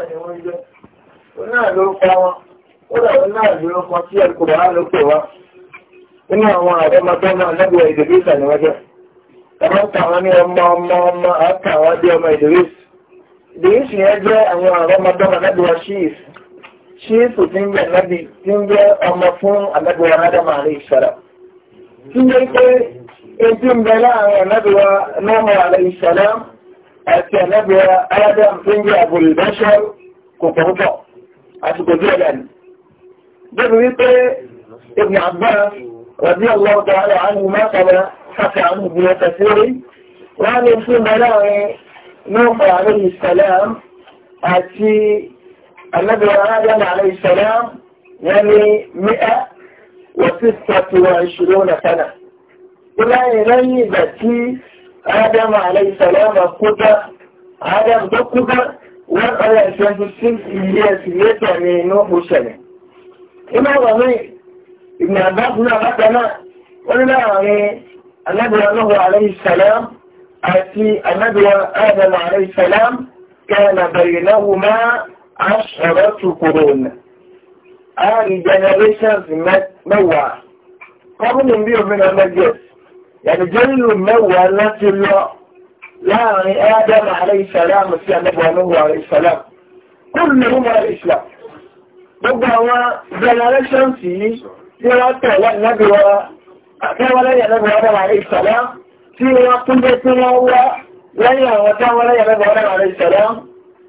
náà ni wọ́n jẹ́ òun náà ló pa wọn ó dà òun náà ló kọ sí ẹ̀kọ́ bá ló pè wá nínú àwọn àdọ́mọdé náà lẹ́gbẹ̀ẹ́ ìdèbísà ni wọ́n jẹ́ ẹ̀rọ ń ta wọn ní ọmọ ọmọ ọmọ àtà wọn bí ọmọ ìdèbísà ìdèbísà yẹn jẹ́ àwọn àdọ́mọdé náà lẹ́gbẹ̀ẹ́ ṣíìs ṣíìsù ti ń jẹ́ nábì ti ń jẹ́ ọmọ fún àdọ́gbẹ̀ẹ́ àti ànábì Adam tó ń gbé àbòlùbáṣọ́ kò pọ̀pọ̀ àti kò díẹ̀ dànù. Débi wípé Ibn Abbas rọ̀bí ọlọ́wọ́ tó wáyé àwọn ìmọ̀ àtàwọn àti àwọn ìbùnú ẹ̀sẹ̀ sí orí. Wọ́n á lè fún ìgbà láàrin Nuhu alayhi salam àti ànábì Adam alayhi salam wọ́n ní mẹ́ta wọ́n sì sọ́tù wọn ìṣòro nàkánà. Ó láyé lẹ́yìn ìgbà tí آدم عليه السلام كبر آدم ده كبر وقال أساس السلس اللي أسلت يعني نوح وسلم إما رمي ابن عباس نغتنا قلنا يعني النبي نوح عليه السلام أتي النبي آدم عليه السلام كان بينهما عشرة قرون آل جنريشنز موعة قبل نبيه من المجلس يعني جل النوى التي الله يعني آدم عليه السلام وفي النبوى عليه السلام كلهم على الإسلام ببعوة زلالة شمسي سيواتا والنبوى أتاولا يا نبوى عليه السلام في سيواتا والنبوى ويا وتاولا يا نبوى عليه السلام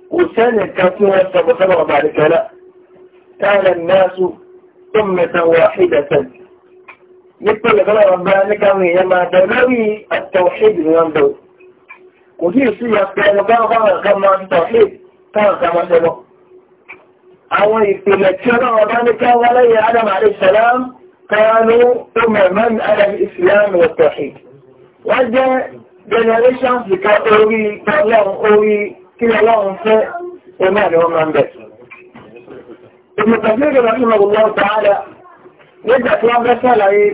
وسنة كثيرة سبقنا وبعد كلا كان الناس أمة واحدة nípele bọ́lá ọba níkàwọn èèyàn máa bẹ lórí àtọ̀ṣẹ́d ní wọ́n bẹ̀rù kò sí ìsú ìyàpẹ́ ẹnu bá wọn kan máa ń tọ̀ṣẹ́d táwọn kan máa tẹ́lọ. àwọn ìpìlẹ̀ tí ọlọ́run ọba níkàwọn aláyẹ adam alẹ́sàlám kánú ọmọọmọdé adam islam wọ tọ̀ṣẹ́d. wọ́n jẹ́ generation fìkà orí ọlọ́run orí kí ọlọ́run fẹ́ ọmọ àdéhùn máa ń bẹ̀. ìmùtàbí ìrọ̀lẹ́ nígbà tí wọ́n fẹ́ sàlàyé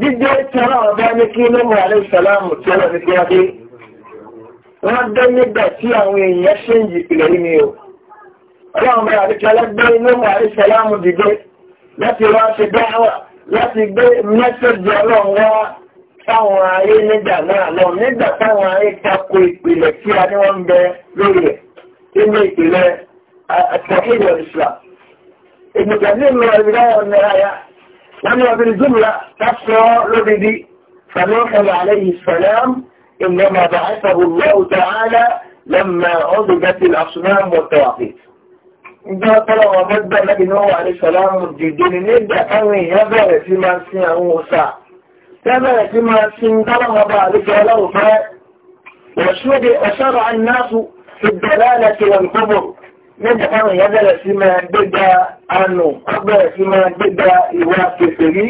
jíjẹ́ tẹ́rọ ọ̀dá ní kí lọ́mọ alẹ́ ìsàlámù tí ọ̀rọ̀ nígbà wáyé wọ́n dé nígbà tí àwọn èèyàn ṣe ń jìpìlẹ̀ yìí ni o ọlọ́run bá àti kẹlẹ́ gbé lọ́mọ alẹ́ ìsàlámù dìde láti wá ṣe dáhà ìpìlẹ̀ tí a ابن كثير من البداية والنهاية لما بالجملة تفسر لبدي فنوح عليه السلام إنما بعثه الله تعالى لما عبدت الأصنام والتواقيت ده طلع مبدا لكن هو عليه السلام جدين نبدا كان يبقى في ما سين موسى كما في ما سين طلع بعد كلام وشرع الناس في الدلالة والكبر nígbà táwọn èèyàn bẹ̀rẹ̀ sí máa gbégbá àánú ó bẹ̀rẹ̀ sí máa gbégbá ìwà kèfèrí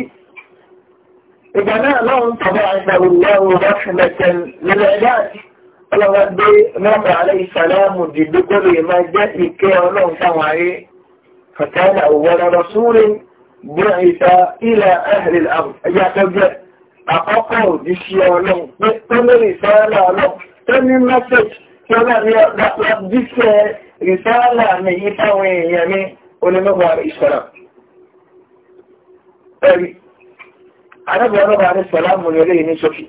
ìgbà náà lọ́run tọ́bọ̀ àìsàrùlọ́rùn rọ́ṣùmẹ̀tẹ̀n nílẹ̀ ìdáàtì ọlọ́wọ́ gbé mẹ́fà alẹ́ ìsàlámù dìbò kóló yìí máa jẹ́ ìkẹ́ ọlọ́run táwọn ayé fàtàlà òwúrọ̀ rọ́ṣúrì bùrọ̀ ìta ilẹ̀ ẹ̀hìrì ẹ̀yà tọ́jẹ́ rìsáàlà mi ìtàwọn èèyàn mi onímọ̀gbà ìṣọ̀rọ̀. Ẹ̀rí, anábìyànmọ́gbà ní sọ̀lámù ní olè ní ṣókì.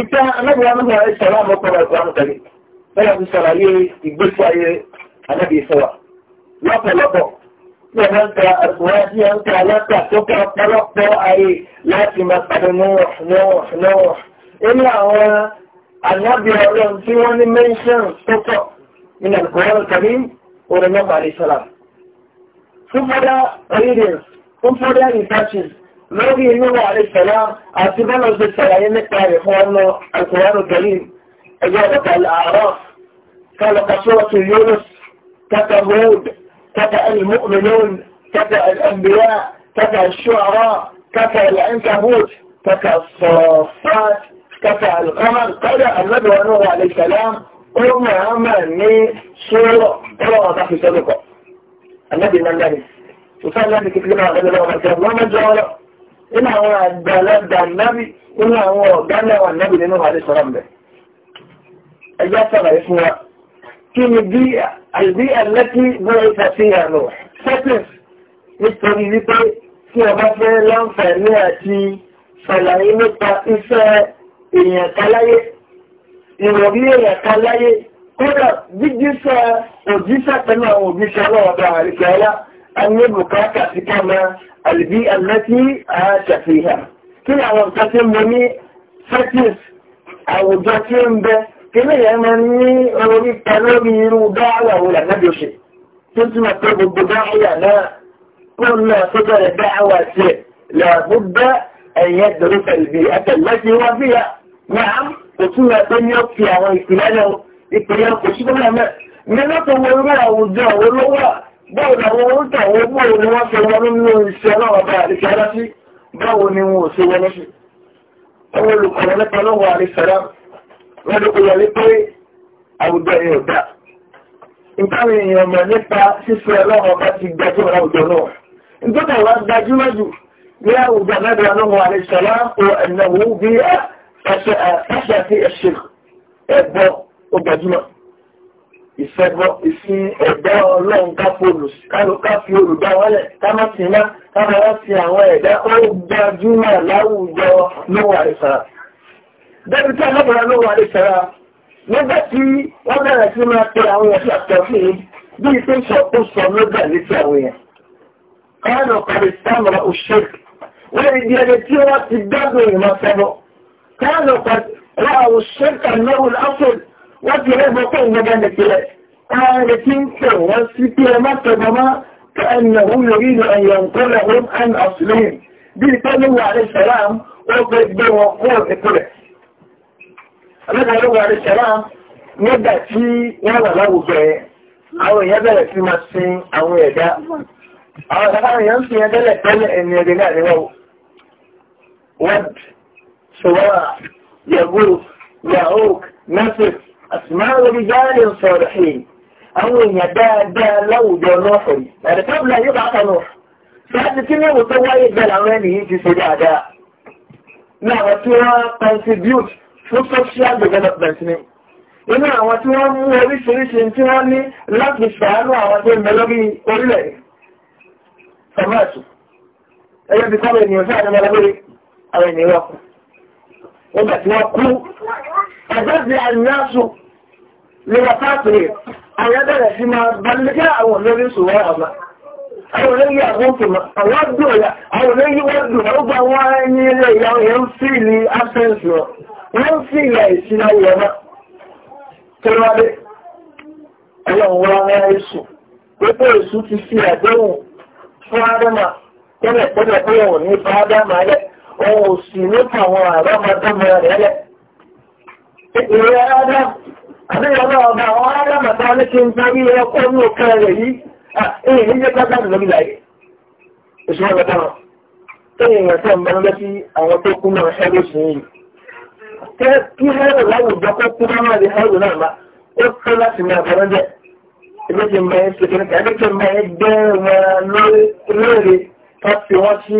Ìta anábìyànmọ́gbà ní sọ̀lámù kọ̀rọ̀ ìgbàmù tẹ̀lé, bẹ́ẹ̀ fi sàlàyé ìgbésí ayé anábìyànmọ́gbà. Lọ́pọ̀lọpọ̀, tí ẹ̀rọ ń ta àgbọ̀wá tí ẹ̀ ayé láti máa النبي صلى الله عليه وسلم منشن سطق من القرآن الكريم ورنم عليه السلام ثم دا ريدنس ثم دا ريساتشز لوغي ينوى عليه السلام أعتبال عزيز السلام ينكتا يخوانا القرآن الكريم إجابة الأعراف قال قصورة يونس تتا هود تتا المؤمنون تتا الأنبياء تتا الشعراء تتا العنكبوت تتا الصفات كفى القمر قال النبي ونوح عليه السلام قم عملني سورة قرأ وضحي صدقه النبي من الله وصال النبي كتلمها قال الله ومن الله من جوالا إن هو الدلال ده النبي إن هو جنة والنبي لنوح عليه السلام ده أجاب سبع اسمها كم البيئة البيئة التي بعث فيها نوح سكر nítorí wípé tí ọba fẹ́ láǹfààní àti ṣàlàyé nípa èèyàn kan láyé ìrọ̀rí èèyàn kan láyé kódà jíjíṣẹ́ òjíṣẹ́ pẹ̀lú àwọn òjíṣẹ́ ọlọ́ọ̀dà àríkẹ́ ọlá ayé bùkátà sí kàmá àlùbí àmẹ́tí àṣàfihàn kí ni àwọn nǹkan tí mo ní fetish àwùjọ tí ó ń bẹ kí ni èèyàn máa ní orí ta lórí irú dáhàwà wo lànàbí òṣè tó túmọ̀ pé gbogbo dáhàwà náà kó náà tó bẹ̀rẹ̀ dáhàwà tiẹ̀ làbúgbà ẹ̀yẹ dòrúfẹ̀ ìbí àtẹ̀lẹ́sìn wá fìyà. náà kò tún lọ pé ní ó fi àwọn ìpìlẹ̀ ìpìlẹ̀ kò sí gómìnà mẹ́ ní lọ́tọ̀ wo irú àwùjọ àwọn olówó báwo làwọn orúkọ àwọn báwo ni wọ́n ṣe wọnú nínú iṣẹ́ náà bá àríṣẹ́ lọ́sí báwo ni wọn ò ṣe wọnú sí àwọn olùkọ̀ọ́ nípa lọ́wọ́ àríṣẹ́ rá wọ́n ló kọjá wípé àwùjọ yẹn ò dá ìtàwọn èèyàn mọ̀ nípa ṣíṣe ọlọ́run ọba ti gbajúmọ̀ láwùjọ náà nítorí àwọn gbajúmọ̀ jù ní àwùjọ mẹ́ta lọ́wọ́ àríṣẹ́ rá Ah, fáṣà sí ẹ̀ṣẹ̀ ẹ̀bọ ó gbajúmọ̀ ìfẹ́bọ ìsìn ẹ̀dá ọlọ́run ká fi olùgbà wọlẹ̀ ká má sì má ká má wá sí àwọn ẹ̀dá ó gbajúmọ̀ láwùjọ lówó àìsàrà. Débi tí alábàárà lówó àìsàrà nígbà tí wọ́n bẹ̀rẹ̀ sí máa pe àwọn ẹ̀ṣẹ̀ àtọ̀fin bí ìpè ìṣọ̀kóso lọ́gbà létí àwọn èèyàn. ẹni tí wọ́n ti dágbò ìmọ̀ sẹ́bọ̀. كانوا قد رأوا الشرك أنه الأصل وفي هذا كان مجال الثلاث قالتين كواسطة مكتبما كأنه يريد أن ينقلهم عن أصلهم بالتالي عليه السلام وقد بوقوع الكلة النبي عليه السلام nígbà tí wọ́n wà láwùjọ ẹ̀ àwọn èèyàn bẹ̀rẹ̀ sí máa sin àwọn ẹ̀dá àwọn ẹ̀dá àwọn èèyàn ń sin ẹ̀dẹ́lẹ̀ ẹni ẹ̀dẹ́ سواء يغوث يعوق نصر أسماء رجال صالحين أو يدا دا لو دا نوح يعني قبل أن يبعث نوح فهذا كنا متوايد بالعواني في سجاء دا نعم وتوى contribute for social development ni inú àwọn tí wọ́n mú oríṣiríṣi tí wọ́n ní láti ṣàánú àwọn tó ń bẹ lórí orílẹ̀ sàmáàtù ẹgbẹ́ bí kọ́lọ̀ ènìyàn sí àwọn ọmọ ẹgbẹ́ àwọn ènìyàn ọkùnrin nígbà tí wọ́n kú àjọ́sí àyíyáṣù lọ́wọ́ fásitì àwọn bẹ̀rẹ̀ sí máa balẹ̀kẹ́ àwọn olórí ìṣòwò àmà àwọn olóyìn àwọn àdúrà àwọn olóyìn wọ́n dùn ó gba wọ́n ara ní ilé ìyá òun fi ní òun ò sì lókè àwọn àbámadọ́mọ rẹ̀ lẹ̀. Ìrẹ́ Adam, àbíyànjú ọba àwọn Ádámàtà ní kí n darí ọkọ̀ ní òkè rẹ̀ yìí, èyí ní jẹ́ pátá lórí láyé. Òṣìṣẹ́ ọ̀gá náà ṣẹ́gun sí yìí.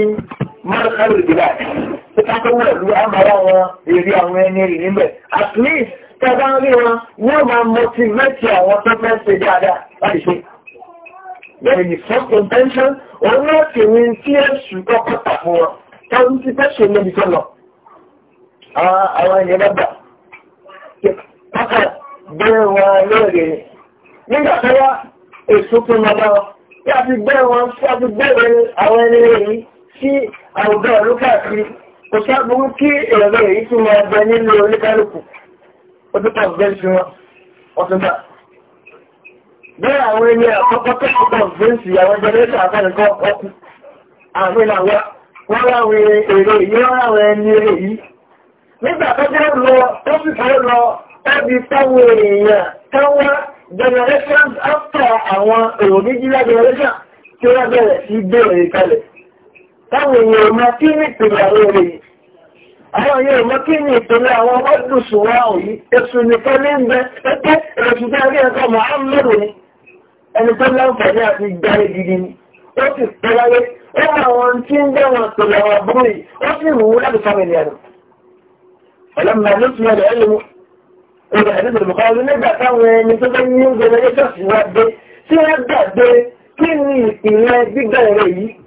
Kí mọ́tòkárò ìdílà tó tákó wọ̀ lú àmàrà wọn èrè àwọn ẹni rì níbẹ̀ at least tẹ́gbà ń rí wọn wọ́n máa motivate àwọn tó fẹ́ ṣe dáadáa láti first intention òun náà sì ní tí èṣù kọ́kọ́ tà fún wọn táwọn ti fẹ́ ṣe lóbi tó lọ àwọn ènìyàn bá gbà pápá bẹ́ẹ̀ wọn lóòrè nígbà tó wá èso tó lọ bá wọn tí a ti àwọn ẹni rẹ̀ yìí sí àwùjọ ìlú káàkiri kò sábúrú kí èrò èyí tí wọ́n bẹ nínú oníkálùkù ọdún tó bẹ́ẹ̀ sí wọn ọdún bá. bẹ́ẹ̀ àwọn ẹni àkọ́kọ́ tó kọ́kọ́ bẹ́ẹ̀sì àwọn jẹnẹtà àkọ́kọ́ ọkù àwọn ìlà wa wọ́n láwọn èrò èyí wọ́n láwọn ẹni èrò yìí. nígbà tó jẹ́ lọ tó sì fẹ́ lọ tàbí táwọn èèyàn táwọn generations after àwọn èrò méjìlá generation tí wọ́n bẹ̀rẹ̀ sí bẹ̀rẹ̀ kalẹ̀ táwọn èèyàn ọmọ kí ní ìpìlẹ̀ àwọn èrè yìí àwọn èèyàn ọmọ kí ní ìpìlẹ̀ àwọn ọdúnṣù wa òyí èṣù nìkan ní a rí ẹ̀kọ́ Muhammadu ni ẹni tó láǹfààní àti gbáre gidi ni ó sì pẹ́láyé ó mọ àwọn tí ń bẹ́ wọn pẹ̀lẹ̀ àwọn àbúrò yìí ó sì wù ú láti fámìlì ẹ̀rọ ọlọ́mọ ló ti yọ̀dọ̀ ẹlẹ́mu ìgbà àdéhùn ìbùkọ́ nígbà táwọn ẹni tó bẹ́ ní ó gbẹ̀rẹ̀ ẹjọ́ sí wá dé tí wọ́n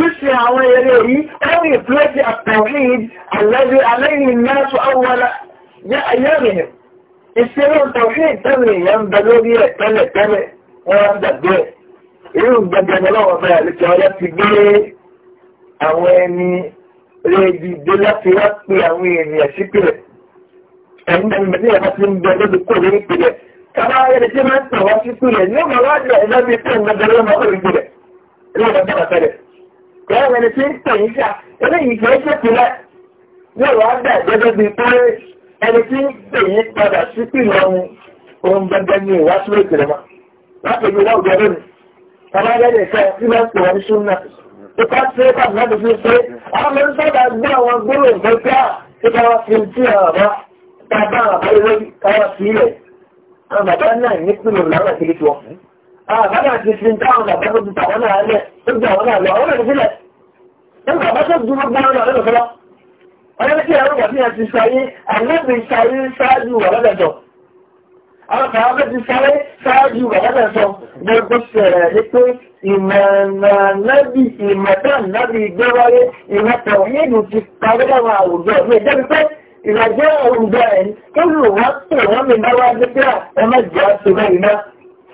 ṣíṣe àwọn eré yìí ẹ̀rì ìfúlẹ́tì àtàwíd àlẹ́bí aláìní náà tó àwọn ayẹ́rìn ìṣeré tàwíd tẹ́lẹ̀ ìyá ń bẹ lórí ẹ̀ tẹ́lẹ̀ tẹ́lẹ̀ wọ́n ń dàgbé irú gbẹgbẹgbẹ lọ́wọ́ fẹ́ àlejò ọyẹ́ ti gbé àwọn ẹni rédi dé láti wá pé àwọn ènìyàn sípìlẹ̀ ẹ̀yìn ẹni ń bẹ lórí kò lórí ìpìlẹ̀ kàbá ayẹyẹ tí máa ń tàn wá sípìlẹ̀ ní ọmọ wájú ẹ̀ ẹ̀rọ ẹni tí ń pè ní jà eléyìí kìí ṣe pìlẹ̀ yóò wá dà gẹ́gẹ́ bí pé ẹni tí ń pè ní padà sí pìlẹ̀ ọ̀hún ohun gbẹgbẹ ní ìwá sílẹ̀ ìpìlẹ̀ mọ́ láti ibi náà gbẹ lónìí bàbá gẹ́gẹ́ ìfẹ́ tí wọ́n pè wọ́n ní súnmọ́ ipa tí ó kàdùn láti fi ṣe àwọn ọmọ sábà gbé àwọn gbóró ìfẹ́ pé à ah, kíkà wá sí ilẹ̀ àwọn bàbá náà ní pìlẹ̀ lọ́wọ́ Ah, àbádà ti fi táwọn àbẹ́kọ̀ ti tàwọn náà lẹ̀ tó gbé àwọn ní pé ìmọ̀nàlábì ìmọ̀tàlábì gbẹ́wáyé ìmọ̀tàwọn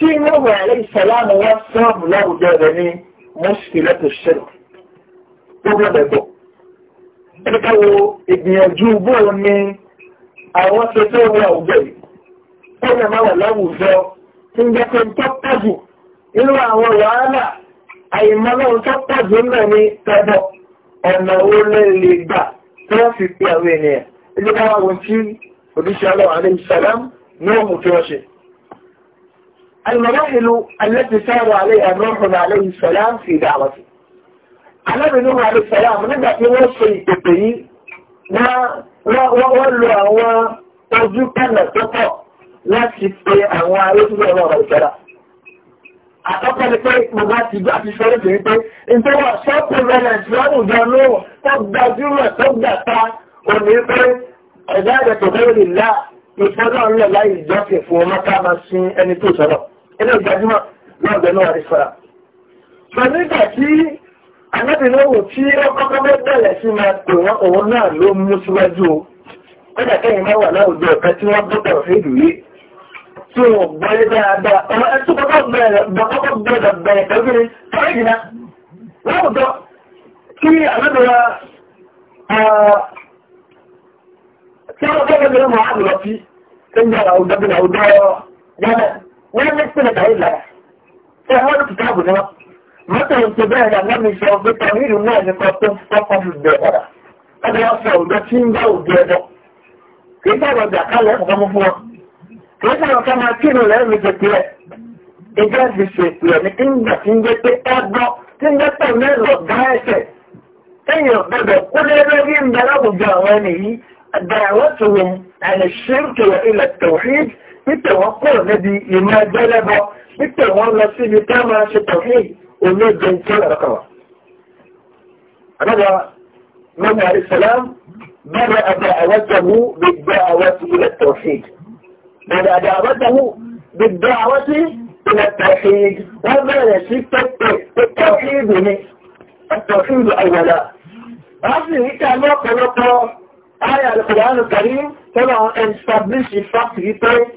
tí Nuhu alayhi salam wọ́n sọ́ọ̀bù láwùjọ rẹ̀ ní mọ́ṣíkìlẹ́tò ṣẹlẹ̀ tó gbọ́dọ̀ bọ̀. ẹni ká wo ìgbìyànjú bóun ni àwọn ṣe tó wọ àwùjọ yìí ó lè má wà láwùjọ tí ń jẹ́ pé tó pọ̀jù nínú àwọn wàhálà àìmọ́lọ́run tó pọ̀jù náà ní tọ́bọ̀ ọ̀nà owó lè gbà tí wọ́n fi pe àwọn ènìyàn ẹni ká wá wọn tí òdíṣẹ́ ọlọ́run alayhi salam Nuhu tí wọ́n ṣe. المراحل التي سار عليها نوح عليه السلام في دعوته النبي نوح عليه السلام nígbà tí wọ́n ṣe ìpèpè yìí wọ́n lo àwọn ojú kànà لا pọ̀ láti pe àwọn arékùnrin ọ̀rọ̀ ọ̀rọ̀ ìṣẹ́ra àkọ́kọ́ ni pé gbogbo àti ìgbà ti sọ lóde wípé nítorí wà ṣọ́ọ̀pù rẹ̀lẹ̀ǹtì lọ́rùjọ lóò tó gbajúmọ̀ tó gbàta òní pé ẹ̀dá ẹ̀dẹ̀ tó fẹ́rẹ̀ lè lá ìfọ́nà ńlẹ̀ láì ìjọ́sìn fún ọmọ ká máa sin ẹni tó sọ̀rọ̀ ilé ìgbàjúmọ̀ náà bẹ̀ náà rí fara. Sọ nígbà tí alábìnrin wò tí ó kọ́kọ́ bẹ́ bẹ̀rẹ̀ sí máa pè wọ́n òun náà ló mú síwájú o. Kọ́dà kẹ́yìn máa wà láwùjọ ọ̀kan tí wọ́n gbọ́dọ̀ fèdù yìí. Tí wọ́n gbọ́lé dáadáa, ọmọ ẹtú kọ́kọ́ bẹ̀rẹ̀ kọ́kọ́ gbọ́dọ̀ bẹ̀rẹ̀ pẹ̀lú sí, ṣé ń yàrá òdọ́bìnrin àwùjọ yánà. wọ́n ní sílẹ̀ tàbí lára tí wọ́n ní kìkà bù náà mọ́tò ìṣe bẹ́ẹ̀ ni àgbàmì sọ pé tàwíìlú náà ní tó ń fọ́pọ́ fi bẹ̀ ọ̀rà ọdún wọn sọ òjò tí ń bá òjò ẹ̀dọ́ kì í sọ̀rọ̀ ọjà kálẹ̀ ẹ̀kọ́ mú fún wọn kì í sọ̀rọ̀ ká máa kírun lẹ́yìn mi ṣètì ẹ̀ ìjọ ti ṣètì ẹ̀ ní ìgbà tí ń gbé pé ẹgbọ́ tí ń gbé pé mẹ́rọ ẹsẹ̀ ẹ̀yìn ọ̀gbẹ̀bẹ̀ kó lé lórí ń àwọn ẹni yìí pípẹ̀ wọ́n kúrò níbi ìmọ̀ ẹgbẹ́ lẹ́bọ pípẹ̀ wọ́n lọ sí ibi tá máa ṣe pọ̀ fún olóògbé tí ó lọ́kàn wá. Àdọ́gba Mọ́mí Àrísàlám bẹ̀rẹ̀ àbẹ̀ àwọ́tẹ̀mú gbígbà àwọ́tí ilẹ̀ tọ̀fíìd. Bẹ̀rẹ̀ àbẹ̀ àwọ́tẹ̀mú gbígbà àwọ́tí ilẹ̀ tọ̀fíìd. Wọ́n bẹ̀rẹ̀ sí pẹ́pẹ́ tọ̀fíìdù ni tọ̀fíìdù àwọ̀lá. Wọ́n sì rí ká lọ́pọ̀lọpọ̀ ayà Al-Qur'an Al-Karim tọ́lọ̀ ẹ̀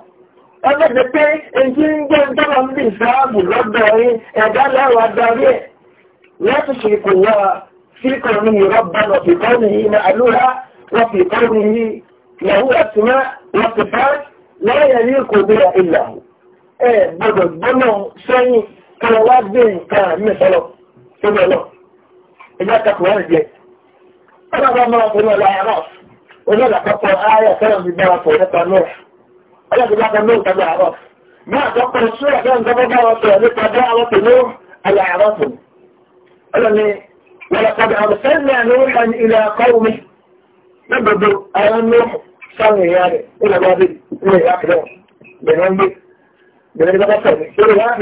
ẹgbẹ́gbẹ́ pé èyí ń gbé ìjọba ń bí ìsáàbù lọ́dọ̀ rí ẹ̀dá lẹ́wàá darí ẹ̀ láti ṣe kò yá síkọ̀ ní ìrọ́bà lọ́fìkọ́ ní ilẹ̀ àlúrà lọ́fìkọ́ ní ìyàwó ụwa lọ́fìkọ́ lọ́yẹ̀ ní kò bí i ìlà ẹ̀ gbọ́dọ̀ gbọ́nà sẹ́yìn kan wá gbé nǹkan mẹ́sọ̀rọ̀ أيضا من تدعوات ما تقبل السورة كان تدعوات لتدعوات نوح الأعراف ألم ولقد أرسلنا نوحا إلى قومه نبدو أن نوح سامي يعني إلى بابي إلى أكدر بنهم بي بنهم بي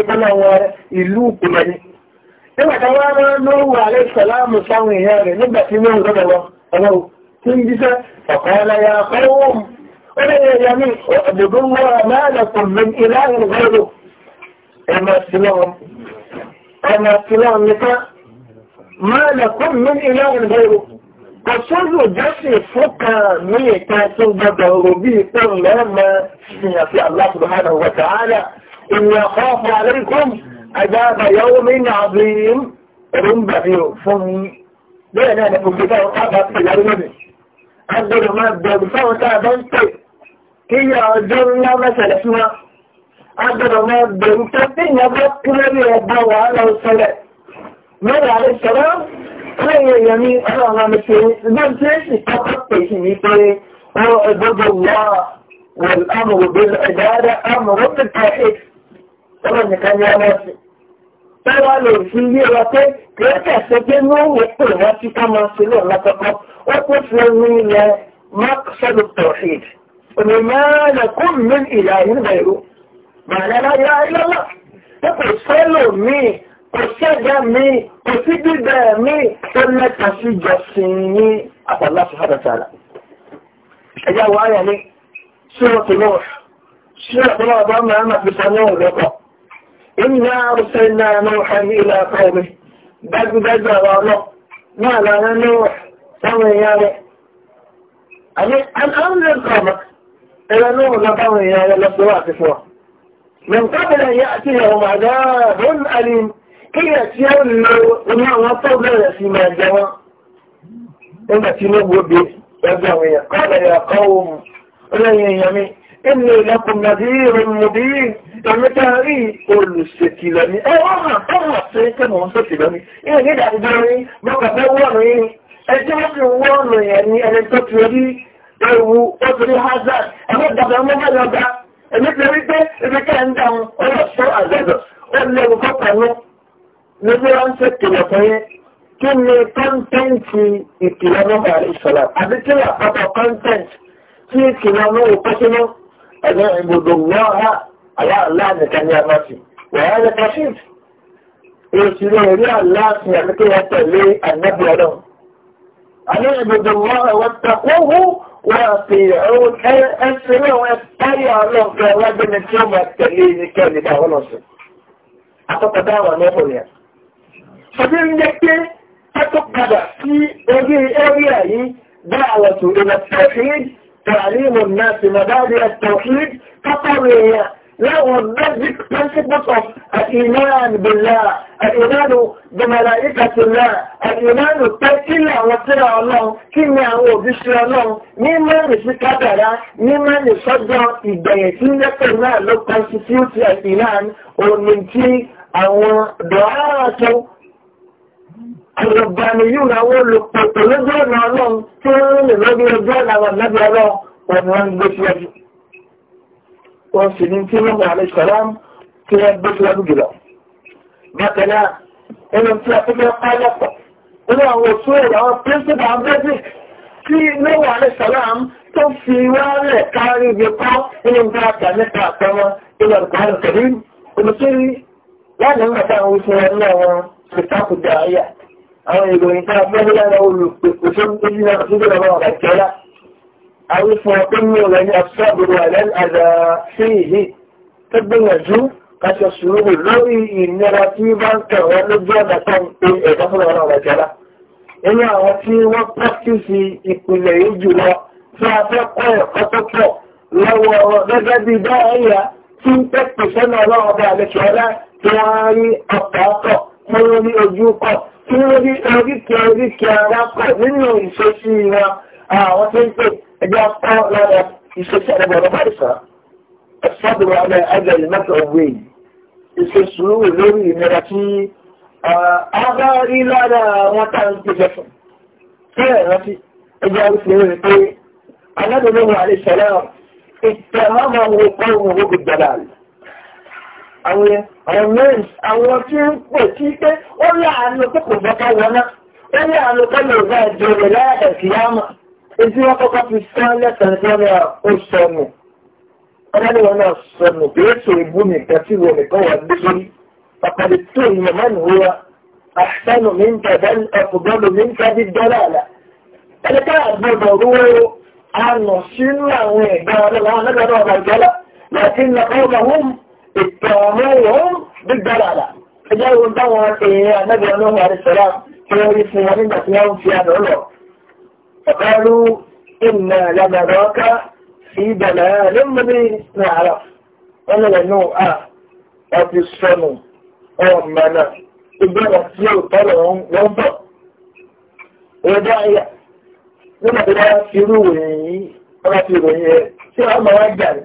بنهم بي ìlú kùmẹ̀ni nígbàtà wá rán lóòwò àlẹ́sàlámù sáwọn èèyàn rẹ̀ nígbàtí mọ́ ń gọ́dọ̀ lọ ọlọ́run tí ń jíṣẹ́ ọ̀kọ́ ọlọ́yà kọ́wọ́ ايه يا يمين اعبدوا ما لكم من اله غيره اما اسلام اما اسلام نساء ما لكم من اله غيره كسولو جاسي فوكا مي كاسو بدهو بي كم لما في الله سبحانه وتعالى اني اخاف عليكم عذاب يوم عظيم رم بغيو فمي لا لا لا كنت اخاف عليكم عذاب يوم عظيم رم بغيو فمي kíyà ọjọ́ ńlá mẹ́sẹ̀lẹ̀ fún wa agbọ́dọ̀ máa bẹ̀rù tó téèyàn bá kú lórí ẹ̀bá wàhálà ìṣẹ̀lẹ̀ mẹ́rin àrẹ sọ̀rọ̀ lẹ́yìn èèyàn ní ọlọ́run àmì ṣe ṣùgbọ́n tí ó sì tọ́kọ́ pèsè ní pé ó ẹgbẹ́gbẹ́ wà wọ̀l amòrò bí ẹ̀dáadá amòrò ti ta ẹ̀ ọlọ́run nìkan ní ọmọ ọ̀sẹ̀ tó wá lè fi yé wa pé kìrẹ́tà ṣe pé ní ó wò pé wọ́n ti ká máa ṣe lọ́ọ̀ lápapọ̀ ó kó fi ẹni ilẹ̀ mark sọ́dọ̀ tọ̀hìdì وما لكم من إله غيره ما لا إله إلا الله تقول صلوا مي قصد مي قصد دامي صلى تسجى سيني أبا الله سبحانه وتعالى أجا وآية لي سورة نوح سورة الله أبا مهما في صنوه لك إنا أرسلنا نوحا إلى قومه بد بد الله ما لنا نوح صلى الله عليه أنا أنظر قومك إلى نور لطمه يا لطوات فوا من قبل أن يأتيهم عذاب أليم كي يتيون وما وصل لنا فيما الجوى إن تنبو به يزوي قال يا قوم لن يمي إني لكم نذير مبين ومتاري قل السكيلاني أوه أوه السكيلاني ومسكيلاني إيه جدا عداني بقى فواني أجل واني يعني أنا تطوري ewu obìnrin hazard ẹ̀wọ́n dàbí ọmọ bá lọ bá èmi ti rí pé ibi kẹ́ ń dáhùn ó lọ sọ àzẹ́dọ̀ ó léwu kọ́kọ́ ní níbi wọn ṣe kìlọ̀ fún yín kí ni kọ́ńtẹ́ǹtì ìkìlọ̀ náà ìṣọ̀lá àbí kí ni àpapọ̀ kọ́ńtẹ́ǹtì tí ìkìlọ̀ náà ò kọ́ sínú ẹ̀dọ̀ ìbùdó náà aláàlá nìkan ní abáṣì wàá rẹ̀ kọ́ṣíìt èsì rẹ̀ rí aláàfin àbíkẹ́ wọn pẹ̀lú àgbẹ̀bẹ̀ ọlọ́run àlẹ́ ìbùdó náà ẹ̀wọ̀n takọ́wọ́ وأطيعون أسرع وأتبع الله فأولاد من يوم التأليل كان ده ونصر أعطى دعوة نقول يعني فبين ذلك أتقبل في هذه أريائي دعوة إلى التوحيد تعليم الناس مبادئ التوحيد كطريقة له basic principles of الإيمان بالله الإيمان بملائكة الله الإيمان تكيل وطلع الله كما هو بشر الله مما نسكتنا مما نصدر الديتين لكنا لو constitute الإيمان ومن تي àwọn dọ̀háràtọ̀ àgbàmìyàn àwọn olùpẹ̀tẹ̀ lójú ọ̀nà ọlọ́run tí wọ́n rìn lọ́gbẹ̀ẹ́gbẹ́ ọ̀nà àwọn ọ̀nà ọ̀nà ọ̀nà ọ̀nà wọ́n sì ní tí wọ́n àlẹ́ ìṣàlám tí wọ́n gbé síwájú jùlọ. Bákan náà, ẹnu tí a tó fẹ́ pálọ́pọ̀, nínú àwọn òṣù èrò àwọn píríncípà bẹ́sì tí lọ́wọ́ àlẹ́ ìṣàlám tó fi wá rẹ̀ kárí ibi kọ́ nínú nǹkan àgbà nípa àtọmọ nínú àgbàrù kẹ̀lí. Olùsírí láti àwífún ọpẹ́mí rẹ̀ ní àṣàbùrù àlẹ́ àdá sí ìhì tó gbìyànjú kàṣọ sùúrù lórí ìnira tí bá ń tẹ̀ wọ́n lójú ọ̀nà tó ń pe ẹ̀dá fún ọ̀nà ọ̀nà jẹ́lá. Inú àwọn tí wọ́n pàkíyèsí ìpìlẹ̀ yìí jùlọ tí a fẹ́ kọ́ ẹ̀kọ́ tó pọ̀ lọ́wọ́ gẹ́gẹ́ bí dáhàyà tí ń tẹ̀pẹ̀ sọ́nà ọlọ́wọ́ bá tí wọ́n rí ọ̀pọ̀ tí wọ́n rí ojú kọ̀ tí wọ́n rí oríkèé oríkèé ara nínú ìṣesí wọn àwọn tí ń pè ẹjọ́ pọ́ lára ìṣesí àdàbọ̀ ọ̀rọ̀ báyìí sọ́dọ̀ ọmọ ẹgbẹ́ ìmọ́tò ọ̀gbẹ́ yìí ìṣe sùúrù lórí ìnira tí a bá rí lára àwọn táwọn pèsè fún tí ẹ̀rọ sí ẹjọ́ oríṣi rẹ̀ pé aládùúgbò àlẹ́sẹ̀lẹ̀ ìtẹ̀mọ́mọ́ wo pọ́ùn owó gbẹ̀dà rẹ̀ àwọn ọ̀rẹ́ns àwọn tí ń pè tí pé ó láàánú púpọ̀ bọ́tọ̀ wọn náà ó láàánú kọ́lọ̀ ọ̀gá ìjọ rẹ̀ láàdẹ̀ kìyàmà Èsì wọn kọ́kọ́ fi sán lẹ́sàn sọ́nà ó sọnù. Ọlọ́dún wọn náà sọnù kìí ṣe ìbú nìkan tí wọn nìkan wà lórí. Pàtàkì tó ìyẹn máa nù wá. Àṣánù mi ń bẹ̀rẹ̀ ẹ̀kùnbọ́lù mi ń kájí dọ́là àlà. Ẹni ká àgbọ̀dọ̀ rúwé o, a nà sínú àwọn ẹ̀gbọ́n ọlọ́run àwọn ọlọ́dún ọ̀gá ìjọba láti nà ọmọ wọn ìtàn ọmọ wọn bí dọ́là àlà. Ẹjẹ́ wo táwọn èèyàn àgbẹ̀dọ̀ ọlọ́run àdìsọ́lá tí wọ́n rí fún wọn nígbà tí wọ́n ń fi àná lọ. فقالوا إنا لنراك في ضلال مبين نعرف wọ́n lọ́wọ́ náà à wọ́n ti sọnù ọmọ náà ìgbọ́nà tí yóò tọ́lọ̀ wọ́n bọ̀. Ìrọ̀dá ayà nígbà tí wọ́n fi irú ìròyìn yìí wọ́n bá fi ìròyìn rẹ̀ tí wọ́n máa wá gbà ní.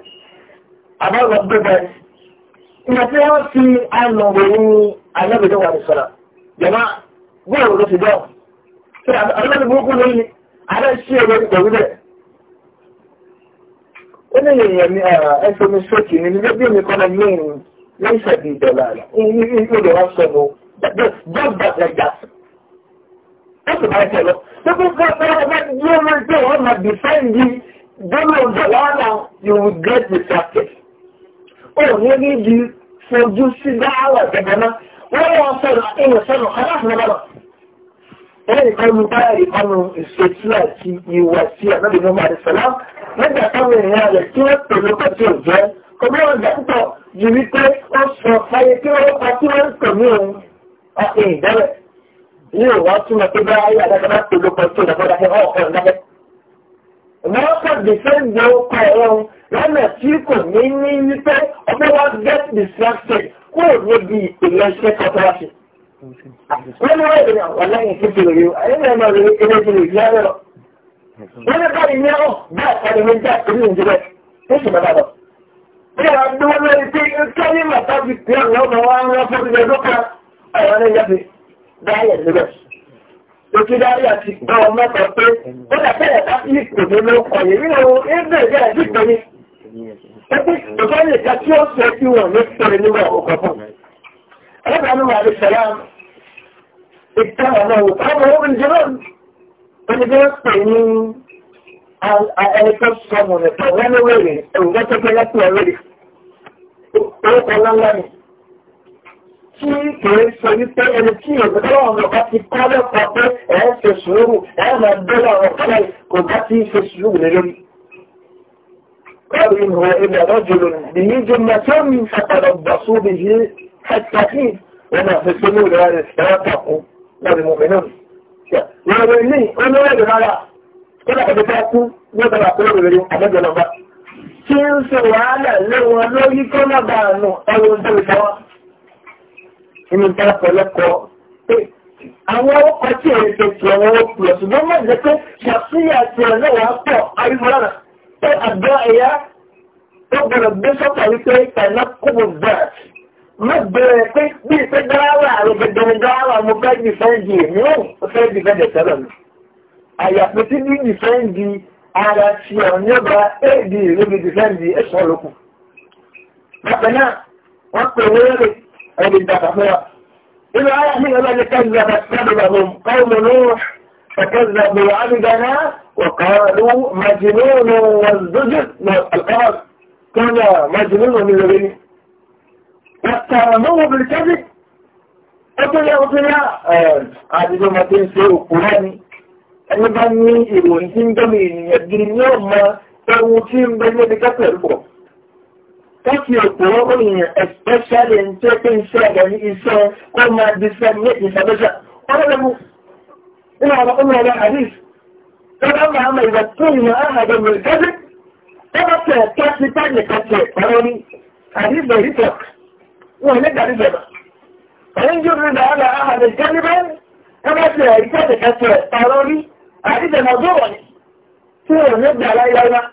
Àbáwọ̀ gbégbá ni. Ìgbà tí wọ́n fi àlọ́ ìròyìn alábẹ̀dẹ̀ wà ní sọ̀rọ̀. Jọ̀mọ́ gbọ́dọ̀ ló ti dọ̀. Ṣé àlọ́ ìbúkú lóyún ààrẹ sí ẹ̀rọ pẹ̀lú rẹ̀ ó ní èèyàn ní ẹsẹ̀ mi sókè ní nígbà bí mi kọ́ na mí ní ìṣẹ̀dí ìdọ̀là rẹ̀ ní ìlú wa sọ lọ just like that wọ́n sì máa tẹ̀ lọ pípín fún ọ̀pẹ́ ọ̀pẹ́ bí ó máa tẹ̀ wọ́n máa defend the dollar of the wàhálà you will get distracted ó ní ní di fojú sí dáhàwà tẹ̀gbọ́n náà wọ́n wọ́n sọ̀rọ̀ ẹ̀yìn sọ̀rọ̀ aláàfin ẹlẹ́nìkan ló bá ìbánu ìṣètú àti ìwà sí ànábì ní ọmọ àdìsọ́lá nígbà táwọn èèyàn rẹ̀ tí wọ́n pè lókọ̀ tí ò jẹ́ ọmọ ọ̀gá púpọ̀ ju wípé ó sọ fáyé tí wọ́n pa tí wọ́n ń pè ní òun ọ̀sẹ̀ ìbẹ̀rẹ̀ ní ìwà túnmọ̀ pé bá ayé àdájọ́ bá pè lókọ̀ tí ò dàgbọ́ dàgbẹ́ ọ̀kọ̀ ńdájẹ́. wọ́n kọ̀ gbèsè ìgbà ọkọ̀ ẹ̀rọ lọ́nà tí kò ní ní wípé ọmọ wa get distracted kúrò níbi ìpìlẹ̀ iṣẹ́ kọ́tọ́láṣẹ́ wani ma yi wallahi kirki da biyu a yana ma zai kira jini ya zara wani kari ne o ba a da mun ta kiri in jirai ko shi ba ba ba ina duk wani ya ce in kani ma ta fi fiye da wani wani ya fi da duka a wani ya fi da ya zira Oṣù dárí àti báwọn mẹ́ta pé ó dàbẹ̀rẹ̀ ká ní ìpòdó ló kọ̀yẹ̀ nínú ẹgbẹ́ ìgbẹ́ ìdíje ni. Ẹgbẹ́ ìgbẹ́ ìka tí ó ṣe tí wọ́n ní sọ̀rọ̀ nígbà òkọ̀ọ̀kan. Ẹgbẹ́ àwọn àlùfẹ́lá ìtàwọn ọ̀pọ̀ obìnrin oníbẹ̀rẹ̀ pè ní ẹ̀ẹ́kọ́ sọmọ̀ nìkan lẹ́nu wẹ̀rẹ̀ ẹ̀rùgbẹ́ tó fẹ́ lápò ẹ̀rẹ́rẹ̀ orúkọ lọ́lá ni tí kìí sọ wípé ẹni tí ìrọ̀lẹ́ ọ̀rọ̀ bá ti kọ́ lẹ́kọ̀ọ́ pé ẹ̀ẹ́ ṣe sùúrù ẹ̀ẹ́ máa bẹ́rẹ̀ ọ̀rọ̀ kọ́lá kò bá ti ṣe sùúrù lé lórí قالوا هو إلا رجل به جمة فتربصوا به حتى حين وما في سنور هذا التوقع wọ́n ni mo mẹ́ náà wọ́n rẹ̀ ní ọlọ́rẹ̀ lára kọ́lá ẹ̀dẹ̀ta kú wọ́n tọ́lá kọ́lá rẹ̀ àmọ́jọ náà bá kí ń sọ wàhálà lẹ́wọ̀n lórí kọ́lá bá nù ọrọ̀ ń bẹ̀rẹ̀ tọ́wọ́ inú ta pẹ̀lẹ́kọ́ pé àwọn ọkọ̀ tí ẹ̀rẹ̀ tẹ̀ tí ọwọ́ pọ̀ ṣùgbọ́n mọ̀ jẹ́ pé ṣàfihàn àti ọlọ́wà pọ̀ ayélujára pé àgbà ẹ̀yà ó gbọ́dọ̀ gbé sọ́kà wípé tàìlá kúbù bẹ́ẹ̀ mo bẹ̀rẹ̀ pé bí ìfẹ́ dáwà àwọn gbẹ̀gbẹ̀rẹ̀ dáwà mo fẹ́ di fẹ́ǹdì èmi ò fẹ́ di fẹ́ǹdì sẹ́lẹ̀ mi. àyàfi tí bí di fẹ́ǹdì ara ti ọ̀run yọba éèdì ìlóbi di fẹ́ǹdì ẹ̀sọ́ lókun. bákan náà wọ́n pè wọ́n lè ẹni dàgbà fún wa. nínú ara mi ìlọ́lá ni káyọ̀ bá sábẹ̀ bàbá òun káwọn mọ̀ lóhùn فكذبوا عبدنا وقالوا مجنون والزجر القمر كان مجنون من الذين والتمنه بالكذب قلت يا قلت يا عزيز ما تنسي وفلاني ẹni bá ní ìròyìn tí ń gbẹ́mì ènìyàn gidi ní ọmọ ẹwù tí ń bẹ níbi kẹfẹ́ pọ̀ tọ́kì òpó òyìn especially ń tẹ́ pé iṣẹ́ ẹ̀rọ ní iṣẹ́ kó máa disseminate information ọlọ́lẹ́mú nínú àwọn ọmọ ọmọ hadith tọ́lá máa ma ìgbà tó ìyàn áhàdọ̀ mẹ́rin kẹ́sì tọ́lá tẹ̀ tọ́sí pẹ́ẹ́nì kẹsì ọ̀rọ̀ ní hadith bẹ̀rẹ̀ tọ́kì وهناك عرفة فينجر على أحد الكلمة كما في عرفة كثرة طاروري عرفة نظوري سورة نبدأ لا إلى لا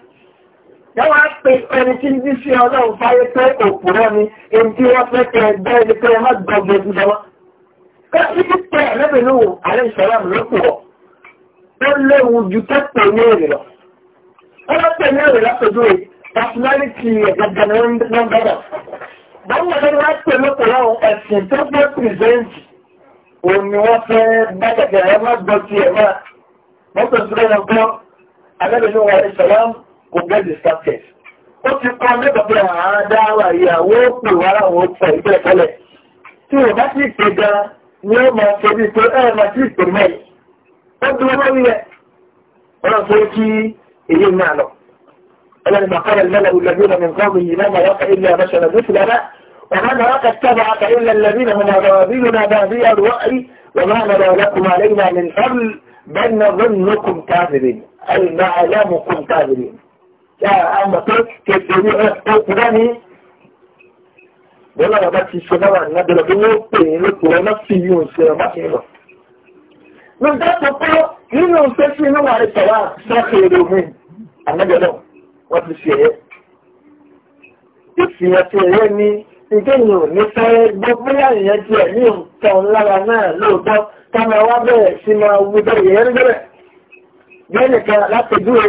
Yàwó àpè ẹni tí ní sí ọlọ́run fáyé pé òpùrọ́ ni, èyí tí wọ́n fẹ́ kẹ ẹgbẹ́ ẹni pé má gbọ́gbọ́ ìjọba. Ká sí kí pẹ́ ẹ̀lẹ́bìnú àrẹ ìṣẹ̀lẹ̀mù lọ́pùwọ̀, tó léwu ju tẹ́pẹ̀ ní èrè lọ. Ọlọ́pẹ̀ ní èrè lápẹjú rẹ̀, personality ẹ̀gbẹ̀gbẹ̀ báwọn ló wá pè lóko láwọn ẹ̀sìn tó gbé pìrìsẹ́ǹtì òun ni wọ́n fẹ́ gbẹ́gẹ̀gẹ̀ ẹ má gbọ́ ti ẹ̀ máa mọ́tò sílẹ̀ lọ gbọ́ alẹ́bẹ̀ẹ́ ló wà ìsàlám kò gbé distracted ó ti kọ́ nígbàgbọ́ àádáwà ìyàwó pè wá láwọn ọ̀pọ̀ ìgbẹ́ tẹ́lẹ̀ tí wọ́n bá sì pè gan ni ó máa ṣe bí pé ẹ̀ máa sì pè mẹ́rin ó dúró lórí rẹ̀ ọlọ́sọ̀rọ̀ kí èyí náà lọ. ولما قال الملأ الذين من قومه لما وقع إلا بشر مثلنا وماذا وقع تبعك إلا الذين هم أراضينا بادي الرأي وما نرى لكم علينا من فضل بل نظنكم كاذبين أي ما علامكم كاذبين يا أما ترك كالجميع الثاني ولا بس شنو النبي لكنه بينك ونفسي ينسى ما من ذلك نقول إنه سيسمى على الصلاة سخير منه النبي wọ́n ti ṣe ẹ̀. Ìfìyàn ti rẹ̀ ni ìgbéyìn ò ní fẹ́ gbogbo ìyẹn ti ẹ̀ ní nǹkan lára náà lóòótọ́ ká máa wá bẹ̀rẹ̀ sí máa wú bẹ̀rẹ̀ yẹn bẹ̀rẹ̀. Bẹ́ẹ̀ni kan látọ̀júwe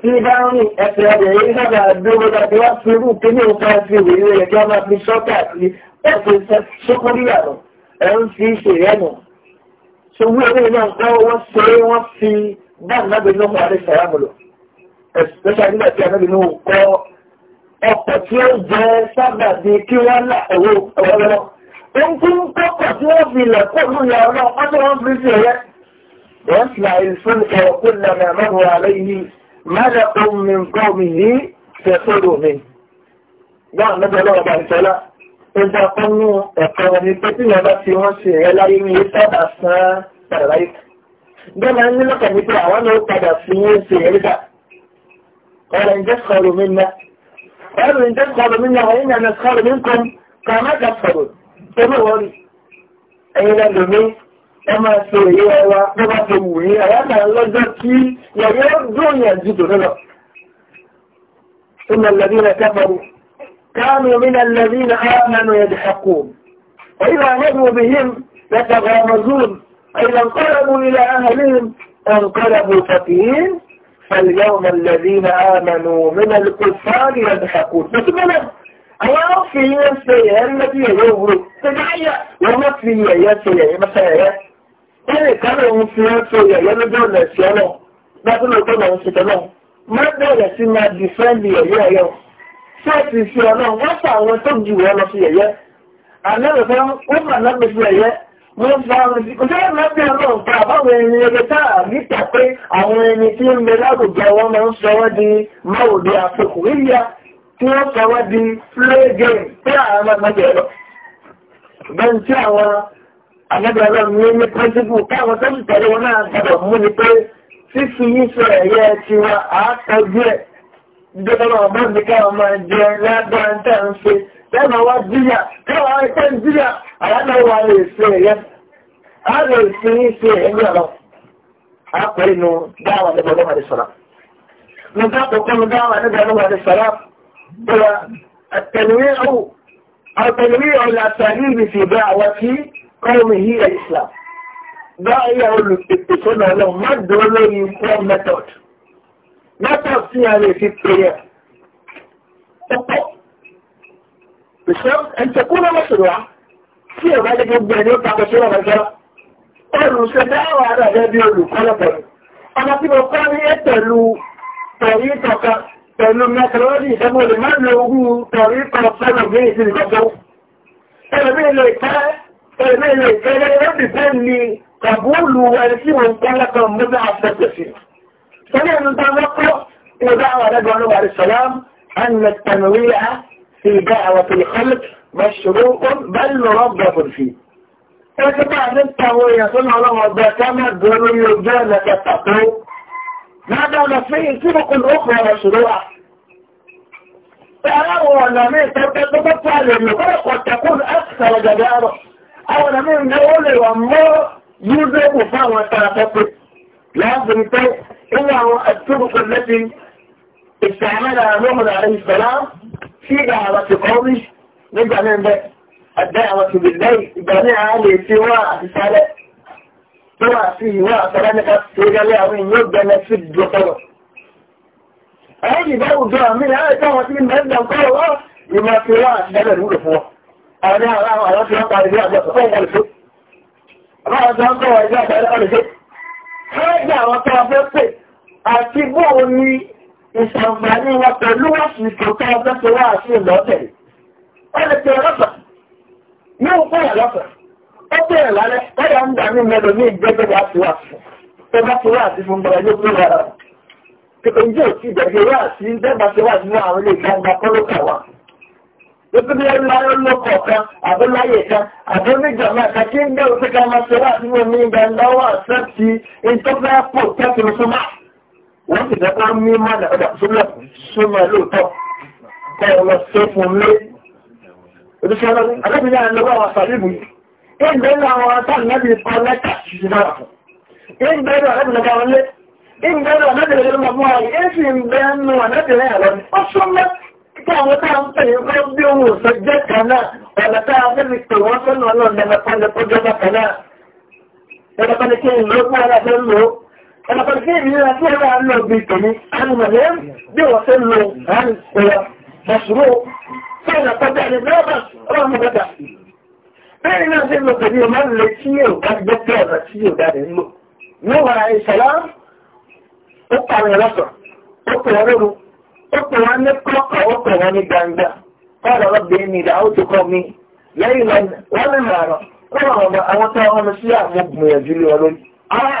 tí bá ń rìn ẹsẹ̀ rẹ̀ yìí sábà dúró dàbí wá fi irú kíní nǹkan fi wèé rẹ̀ kí wọ́n máa fi sọ́kà sí ẹ̀sẹ̀ sókòríyà nù ẹ̀ ń fi ṣèrẹ́ nù. Ṣùgbọ́n eré náà kọ́ wọ́n ṣe wọ́n fi bá ìnágbé lọ́mọ àdéṣàyàmù lọ ẹ̀sùpẹ́sà nígbà tí anábì ní òkọ́ ọkọ̀ ó jẹ́ sábà di kí wọ́n là ẹ̀wọ́ ọ̀rọ̀ ń kú ń kọ́kọ̀ tí wọ́n fi lẹ̀ kó lóye ọ̀rọ̀ ọjọ́ wọn fi sí ẹ̀rẹ́ wọ́n sì là ìfún ẹ̀kọ́ lẹ́nu ẹ̀mọ́rùn àlẹ́ yìí mẹ́lẹ̀ omi nǹkan omi yìí fẹ́sọ̀rọ̀ mi. Gbọ́n lọ́jọ́ lọ́wọ́ bá ń tọ́lá ó ni pé tí ìyẹn bá ti wọ́n ṣe ní sábà sán قال إن تسخروا منا قالوا إن تسخروا منا وانا نسخر منكم كما تسخروا تبعون أين لمن أما سوريا وما سوريا أما الله ذكي يريد دنيا جد هنا ثم الذين كفروا كانوا من الذين آمنوا يضحكون وإذا نجوا بهم يتغامزون أيضا انقلبوا إلى أهلهم انقلبوا فقير فاليوم الذين آمنوا من الكفار يضحكون مثلا أنا في يسيا الذي يغرو تدعي وما في يسيا مثلا إيه كانوا في يسيا يبدو نسيانه ما كانوا كانوا نسيانه ما ده يسمى ديفندي يا يا سيتي سيانه ما صار وتجي ولا في يا أنا مثلا وما نبي في يا wọ́n gba àwọn ìdíkò tí wọ́n lọ́pẹ́ ọlọ́run pa àbáwọn ẹni ẹgbẹ́ táà níta pé àwọn ẹni tí ń bẹ lágùgbà wọn máa ń sọ wọ́n di máwòdì àfikù ìyá tí wọ́n sọ wọ́n di flẹ́gẹ̀ tí àwọn ọmọdé lọ. bẹ́ẹ̀ tí àwọn àgbẹ̀dẹ̀ ọlọ́run ní ní pẹ́sìbù káwọn tó sì tẹ̀lé wọn náà gbọdọ̀ mú ni tẹ́mà wá jíyà tẹ́wà ẹ̀kẹ́ jíyà àyádọ́wà lè ṣe ẹ̀yẹ́ a lè ṣe ní ṣe ẹ̀yẹ́ lọ àpẹ inú dáwà nígbà lọ́wà lè sọ̀rọ̀ nígbà kọ̀kọ́ ní dáwà nígbà lọ́wà lè sọ̀rọ̀ bẹ̀rẹ̀ àtẹ̀lẹ́wé ọ̀là tàbí ìbìsì bá àwọ̀ tí kọ́ọ̀mù yí ẹ̀ islam bá ẹ̀yà olùpèpè sọ́nà ọlọ́run má dúró lórí poor method method tí a lè fi pè yẹ مش ان تكون مشروع فيه ذلك يبدو ان يبدو مشروع مجرى قالوا سمعوا على هذا يقولوا قال فرد انا في مقام يتلو طريقك تلو مكرالي سمو لمن لو طريق ربنا بيه البشر انا بيه اللي كان انا بيه اللي كان يبدو بني قبولوا وان في منطلق مضع التسفين فلن نتوقع وضعوا رجعوا عليه السلام ان التنويع في دعوة الخلق مشروع بل مربط فيه فتبع نبتا ويصنع له البكامة ضروري لك تقوم هذا ما فيه طرق أخرى مشروعة فأروا أن مين تبقى للنقاش قد تكون أكثر جدارة أو أن مين نقول والله يذهب فهو تعتقد لازم تقول إنه الطرق التي استعملها نوح عليه السلام tí dàwà ti kọ́rí nígbà náà bẹ́ àdá àwọn ti bè lẹ́yìn ìgbà náà a lè ṣe wá àti sálẹ̀ tó wà sí ìwé àtọ́lá nípa tó gẹ́lẹ́ àwọn èèyàn gbẹ́lẹ́ sí ìdókòrò. àwọn ìgbà òjò àmì láàrín táwọn tí mẹ́rin dàn kọ́ wọ́n ìmọ̀ ti wá àtẹ́lẹ̀ lúrò fún wọn. àwọn àwọn ti wọ́n parí bí àjọ sọ́kọ́ ìwọ̀n lè Àwọn àti bóò ní ìṣàǹfààní wọn pẹ̀lú àsìkò tó ọjọ́ tó wá sí ìlọ́tẹ̀. Wọ́n lè tẹ ọlọ́fà, yóò fún ọlọ́fà, ó bẹ̀rẹ̀ lálẹ́, ọ̀yà ń dà ní mẹ́lò ní ìgbẹ́gbẹ́ wá sí wá sí. Tó bá ti wá sí fún bọ́lá yóò fún ọlọ́fà. Kìkì ń jẹ́ òtí ìdẹ̀gbẹ́ wá sí dẹ́gbà tó wá sínú àwọn ilé ìgbàgbà kọ́lọ́kà wa. Lókè kan, àbí kan, àbí oníjàmbá ń dẹ́ òtí máa ṣe wá sínú omi ìgbà ńlá wà sẹ́ẹ̀tì ìtọ́fẹ́ pò tẹ́tù lọ́sọ́mọ́ wọ́n sì fẹ́ bá mí má nà ọ̀dà súnmọ̀ súnmọ̀ lóòótọ́ kọ́ ọ lọ sí fún mi oníṣẹ́ ọlọ́run alábìnrin àwọn ọlọ́wọ́ sàlíbù yìí ìgbẹ́ ní àwọn atáàlì náà bíi pa lẹ́tà sí náà fún ìgbẹ́ ní ọ̀nàbìnrin kan lé ìgbẹ́ ní ọ̀nàbìnrin kan mọ̀ fún wa yìí èsì ìgbẹ́ ní ọ̀nàbìnrin àlọ́ ni ó súnmọ́ kí àwọn tá à ń pè é fẹ́ bí ohun òṣèjẹ́ kan náà ọ̀nà ẹ̀kọ́ sí ìrìnlẹ̀ tí ẹ̀rọ àlọ́ bí tèmi alùmọ̀lẹ́ bí wọ́n fẹ́ lọ àárín ẹ̀rọ mọ̀ṣúrò fẹ́ẹ̀nà pọ̀já ní rọ́bà ọlọ́run mọ̀gbẹ́ta bẹ́ẹ̀ náà sí lọ pẹ̀lú ọmọ ilẹ̀ tí yóò bá gbẹ́ pẹ́ ọ̀rọ̀ tí yóò dáadẹ̀ ń lò níwọ̀n ìṣẹ̀lá ó pààrọ̀ lọ́sọ̀ ó pè wọ́n lóru ó pè wọ́n ní kọ́kọ̀ ó pè wọ́n ní gbangba ọ̀rọ̀ ọ̀bẹ̀ ní ìdá ó àwọn tó ọmọ sí àwọn gbìyànjú lé wọn lórí. Ah!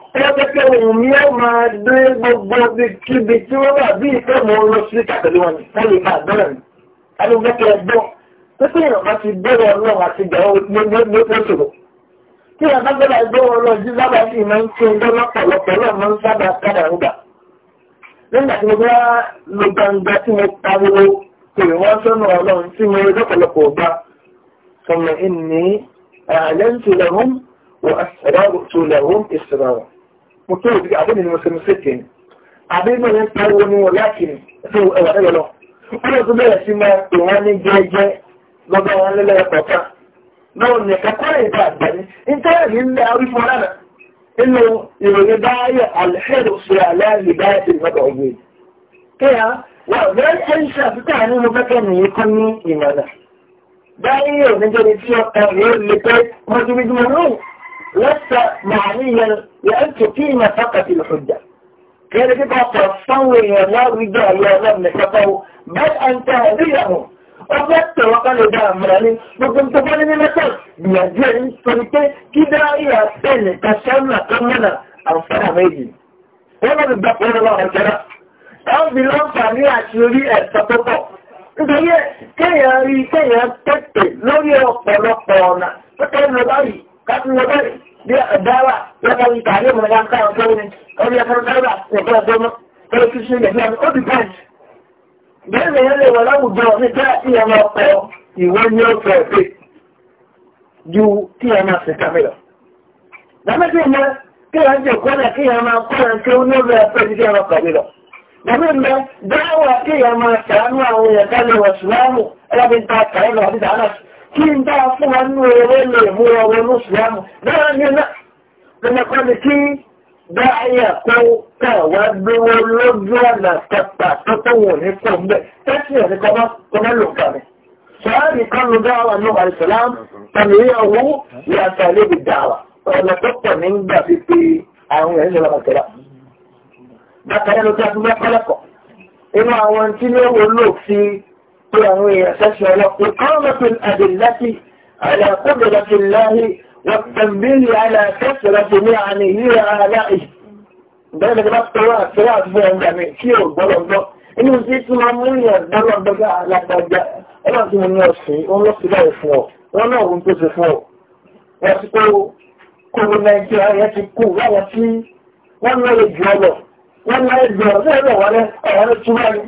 ẹgbẹ́gbẹ́ ohun mi ó máa dé gbogbo kíbi tí wọ́n wà bí ìfẹ́ mọ́ lọ sí kàtàlú wọn fún ìgbà àdọ́rẹ̀ mi alúgbẹ́kẹ́ ẹgbọ́ pípẹ́ ìrọ̀bá ti bẹ̀rẹ̀ ọlọ́run àti ìgbà olóṣòro tí wọ́n bá ọlọ́run tí mo bá lọ́pọ̀lọpọ̀ bá sọmọ ìní àlẹ́ ń tulẹ̀ wọ́n àṣàrà tulẹ̀ hùm ìṣẹ̀rọ̀ mutum yìí àbẹ́ni ni mo ṣe mo ṣe tẹ̀ ní àbẹ́ni mo ń pariwo ni wọn láti ní fún ẹwà ẹ̀rọ lọ. wọ́n lè tún bẹ̀rẹ̀ sí máa pè wọ́n ní jẹ́jẹ́ lọ́dọ̀ wọn lẹ́lẹ́ kọ̀ọ̀kan náà ní kakọ́ ìta àgbàní nítorí ní ilẹ̀ orífọ́ lánà ìròyìn báyọ̀ alhẹ́rù sí sí ìmọ̀tọ̀ ọ̀gbìn. kéèyàn wọ́n لست معنيا لأنك قيمة فقط الحجة كان تبقى تصور يا الله وجاء يا الله نكفه بل أن تهديهم أردت وقال ده أمراني وكنت تقول من مثلا بيجي السلطة كده إيه أسأل تشمع كمنا أنصرها ميدي وما بالبقر الله الكلام أو بالأنفعني عشري أستطبق إذا هي كياري كيار تكتب لو يوقف لقونا فكان رضعي kafin ya bari biya dawa ya bari tare mu ya kawo saurin kawai ya kawo dawa ya kawo goma kawai su shi ne biya mu obi pant bẹ́ẹ̀ ni yẹn lè wọ láwùjọ ní bí a ti yẹn máa kọ ìwé ní ọ̀sẹ̀ ọ̀sẹ̀ ju kí yẹn máa fi kàmí lọ. Dàmẹ́sì mẹ́ kí yẹn ti kọ́ náà kí yẹn máa kọ́ yẹn kí ó kí n dára fún wa ní owó lè mú ọwọ́ lóṣùwámù náà ní lọ́nàkọ́ni kí bá ayà kó káwà gbéwó lójú ọ̀nà tẹ́pà tó tó wò ní kò ń bẹ̀ tẹ́sí ẹ̀ ní kọ́mọ́ lò kàmì sọ́ọ́rì kan ló dáwà ní àìsàlám tàbí ìyàwó yàtọ̀ lébi dáwà ọ̀nà tó pọ̀ ní gbà pípé àwọn ẹ̀yìn pé àwọn èèyàn sẹ́sẹ̀ ọlọ́pọ̀ kọ́mọ̀tún àdìláti àlàkọ́bẹ̀rẹ̀tì láhí wọ́pẹ̀mbìlì àlàkẹ́sẹ̀rẹ̀tì ní àníyíra aláì bẹ́ẹ̀ bá tọrọ àtọrọ àgbẹ̀ ọ̀gbà mi kí o gbọ́lọ̀gbọ́ inú sí tí máa mú ìyàn gbọ́lọ̀gbọ́gá alágbàjá ẹ̀rọ tí mo ní ọ̀sìn òun ló fi báyìí fún ọ wọn náà òun tó ti fún ọ wọ́n ti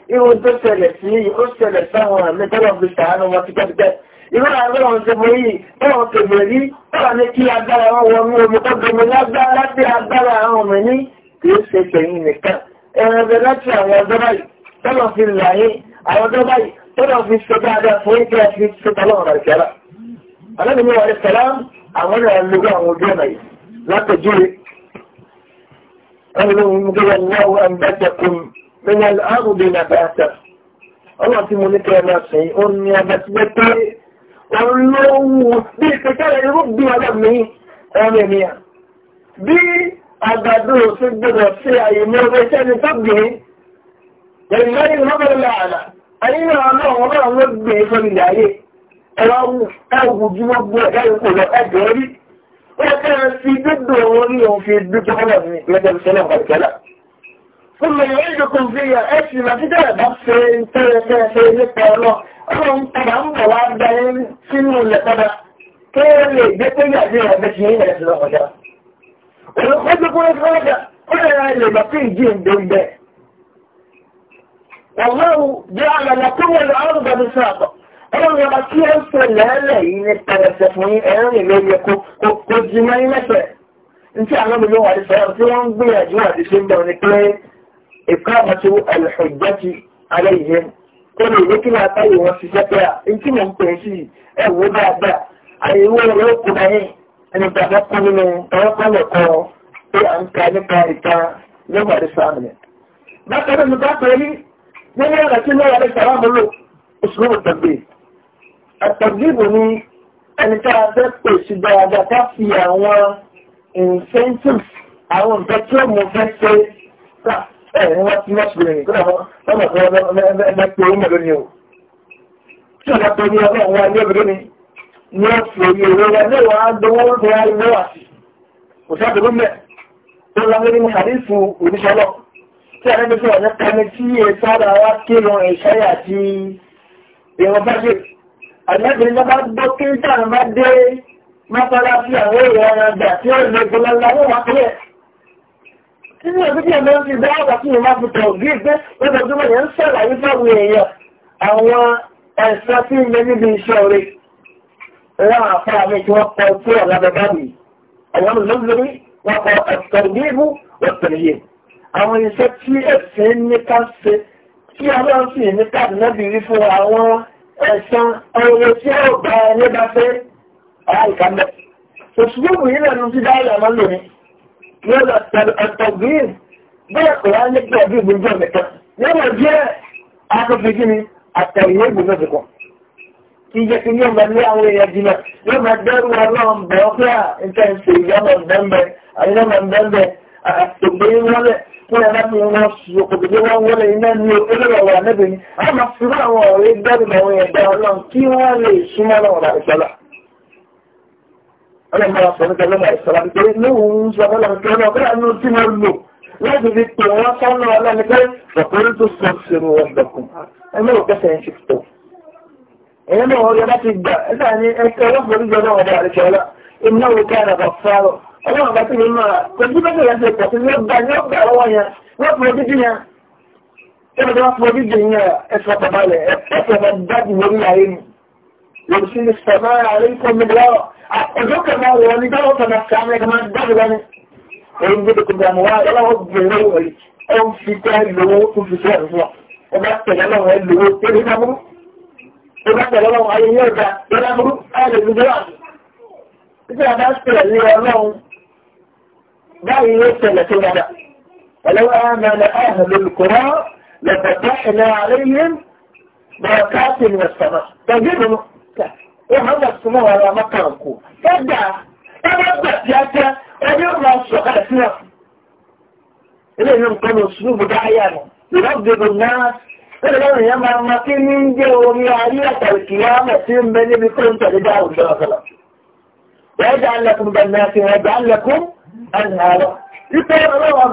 irun tó ṣẹlẹ̀ sí ó ṣẹlẹ̀ sáwọn àmì tọ́lọ̀ fi ṣàánú wọn ti pẹ́pẹ́ irú àwọn ọ̀hún ṣe mọ yìí tọ́wọ́n tèmi rí tọ́wọ́n ní kí agbára wọn wọnú omi tó gbẹmí lágbára bí agbára àwọn ọmọ ní kì í ṣe tẹ̀yìn nìkan ẹran bẹ láti àwọn ọjọ́ báyìí tọ́lọ̀ fi là yín àwọn ọjọ́ báyìí tọ́lọ̀ fi ṣe dáadáa fún yín kí a fi ṣe tọ́lọ̀ ọ̀rọ̀ ìṣẹ́lá من الأرض نباتا الله في ملكة ما شيء يبتبتي والله بيتكال يربي على مني آمين bí àgbàdo sí gbọdọ̀ sí àyèmí ọgbẹ́ sẹ́ni tó gbé lẹ́yìn lẹ́yìn lọ́bẹ̀rẹ̀ láàrá àyínà ọlọ́run ọlọ́run ló gbé fún e ilẹ̀ ayé ẹ̀rọ ẹ̀wù jí wọ́n gbọ́ ẹ̀dá ìkò lọ ẹ̀dọ̀ rí ó kẹ́rẹ́ sí gbogbo orí òun fi dúpẹ́ lọ́wọ́ mi lẹ́jọ́ ìṣẹ́lẹ̀ ọ̀gbàdìkẹ́lá ثم يعيدكم فيها اسم كده بس na سيدك الله ọlọ́run padà ń bọ̀ wá gba ẹ sínú n'etiti padà kí ẹ lè gbé pé yàgbé ẹgbẹ́ ti ní ilẹ̀ ti إقامة الحجة عليهم قولوا لكي لا تلوى سجدها إن كنا نتنسي أو بعد àìwé olóòkú náà ẹni tàbí kún nínú ọlọ́pọ̀lọpọ̀ pé à ń ka nípa ìta lẹ́gbàdé sáàmì. Bákanáà ní bákan rí nínú ọ̀rọ̀ tí lọ́wọ́ rẹ̀ sàrà mú lò òṣùwọ̀n tàbí. Àtàgbìbò ni ẹni tá a fẹ́ pè sí dáadáa ká fi àwọn incentives àwọn nǹkan tí ó mú fẹ́ ṣe ẹ̀ ní wọ́n ti wọ́n ṣe rìn kódà lọ́nà tó ẹgbẹ́ pé ó mọ̀ lónìí o. Tí ọ̀nà tó ní ọlọ́run wa ni ní ó fi òye ìwé wa ní ìwà àdánwò ń tẹ́ra ilé wà sí. Kò sí àdúgbò mẹ́. Ó lọ nínú àdínkù oníṣọ́lọ̀. Tí a lẹ́nu fún ọ̀nà pẹni tí ẹ sára wa ké lọ ìṣẹ́yà àti ìwọ̀n bá ṣe. Àdínkùnrin náà bá gbọ́ máa dé mọ́tàlá sí àwọn èèyàn ọ̀nà àgbà tí ó lè gbọ́lá Nínú ẹ̀bí tí ẹ̀mọ́ ń fi bẹ́ẹ̀ wà tí mo máa fi tọ̀ bí gbé lọ́dọọdúnmọ̀ yẹn ń ṣàlàyé fáwọn èèyàn àwọn ẹ̀sọ́ tí ń bẹ níbi iṣẹ́ orí. Láwọn afárá mi tí wọ́n kọ sí ọ̀ lábẹ́bá mi. Àwọn olóńgbèrè wọ́n kọ ẹ̀sọ́ ìgbéèbú ọ̀tẹ̀lẹ̀ Àwọn iṣẹ́ tí ẹ̀sìn ní ká ṣe tí ọlọ́run sì ní káàdì náà bìí fún àwọn ẹ̀sán ọ̀rọ̀ tí ó bá ẹni bá fẹ́ àìkàmẹ́. Òṣùgbọ́n yọ́nà àtọ̀gbìn bẹ́ẹ̀ kò wá nípa ẹ̀bí ìgbìmọ̀ mẹ́ta yọ́nà jẹ́ akọ́fíjì ni àtẹ̀yẹ ìgbìmọ̀ ti kọ̀ kí jẹ́ kí ní ọmọ ilé àwọn èèyàn jìnnà yóò máa dẹ́rù ọlọ́run bẹ̀ ọ́ pé à ń tẹ́ ń ṣe ìyámọ̀ bẹ́ẹ̀ àyínàmọ̀ bẹ́ẹ̀ àtògbé wọlé kí ẹ bá mi wọn ṣòkòtò bí wọ́n wọlé iná ní olóòrò ọ̀rọ̀ àmẹ́bìnrin a máa fi àwọn ọ̀rẹ́ dẹ́rù àwọn èèyàn bẹ́ẹ̀ ọlọ́run kí wọ́n lè súnmọ́ ọlọ́run àìsọ́lá ọlọ́mọdé àpọ̀lọ́gbẹ̀ lọ́wọ́ ìṣọ́lá nítorí lóhun ń sọ ọlọ́run kí ọlọ́run kí ọlọ́run tí wọ́n lò láti fi pè wọ́n sọ́nà ọlọ́run pé ọ̀pọ̀lọ́ tó sọ ṣèrò ọ̀dọ̀kùn ẹgbẹ́ òkẹ́sẹ̀ ń ṣe tó ẹ̀yẹ́ náà wọ́n yọ láti gbà ẹ̀dá ní ẹ̀kẹ́ ọlọ́pọ̀lọ́ jọ náà ọ̀dọ̀ àrẹ̀ṣẹ̀ ọlá iná wo ká ẹ̀rọ fáró ọlọ́run bá ti ní máa pẹ̀lú bẹ́ẹ̀ láti pọ̀ sí ní ọgbà ní ọgbà ọwọ́ yẹn wọ́n fún ojú yẹn ẹ̀rọ tó wọ́n fún ojú yẹn ẹ̀fọ́ tọ̀balẹ̀ ẹ̀fọ́ tọ̀balẹ̀ dájú lórí ayé mi يرسل السماء عليكم مدرارا أتذكر ما هو لدرجة نفسي عملك ما الدغل وينجدكم بأموال ولا رب الروعي أو في تاه اللغوط وفي تاه الصلاة ومكتب له اللغوط تلك أمره ومكتب له عليه يرجع ولا أمره أهل الجدران إذا ما أسأل اللي أمره دعي يسأل لكنا ده ولو آمن أهل القرى لفتحنا عليهم بركات من السماء تجدهم Muhammad súnmọ́ wa ra mọ́kà ọkọ̀. Ẹgbà ẹgbà gbà tí a jẹ́ ẹni ó máa sọ káà sí ọ̀fù. Ilé ìlú nǹkan ló sùn bùdá ayà nù. Ìlọ́gbẹ̀gbẹ̀ náà ẹni lọ́rùn yẹn máa ma kí ní jẹ́ orí ọlọ́wọ́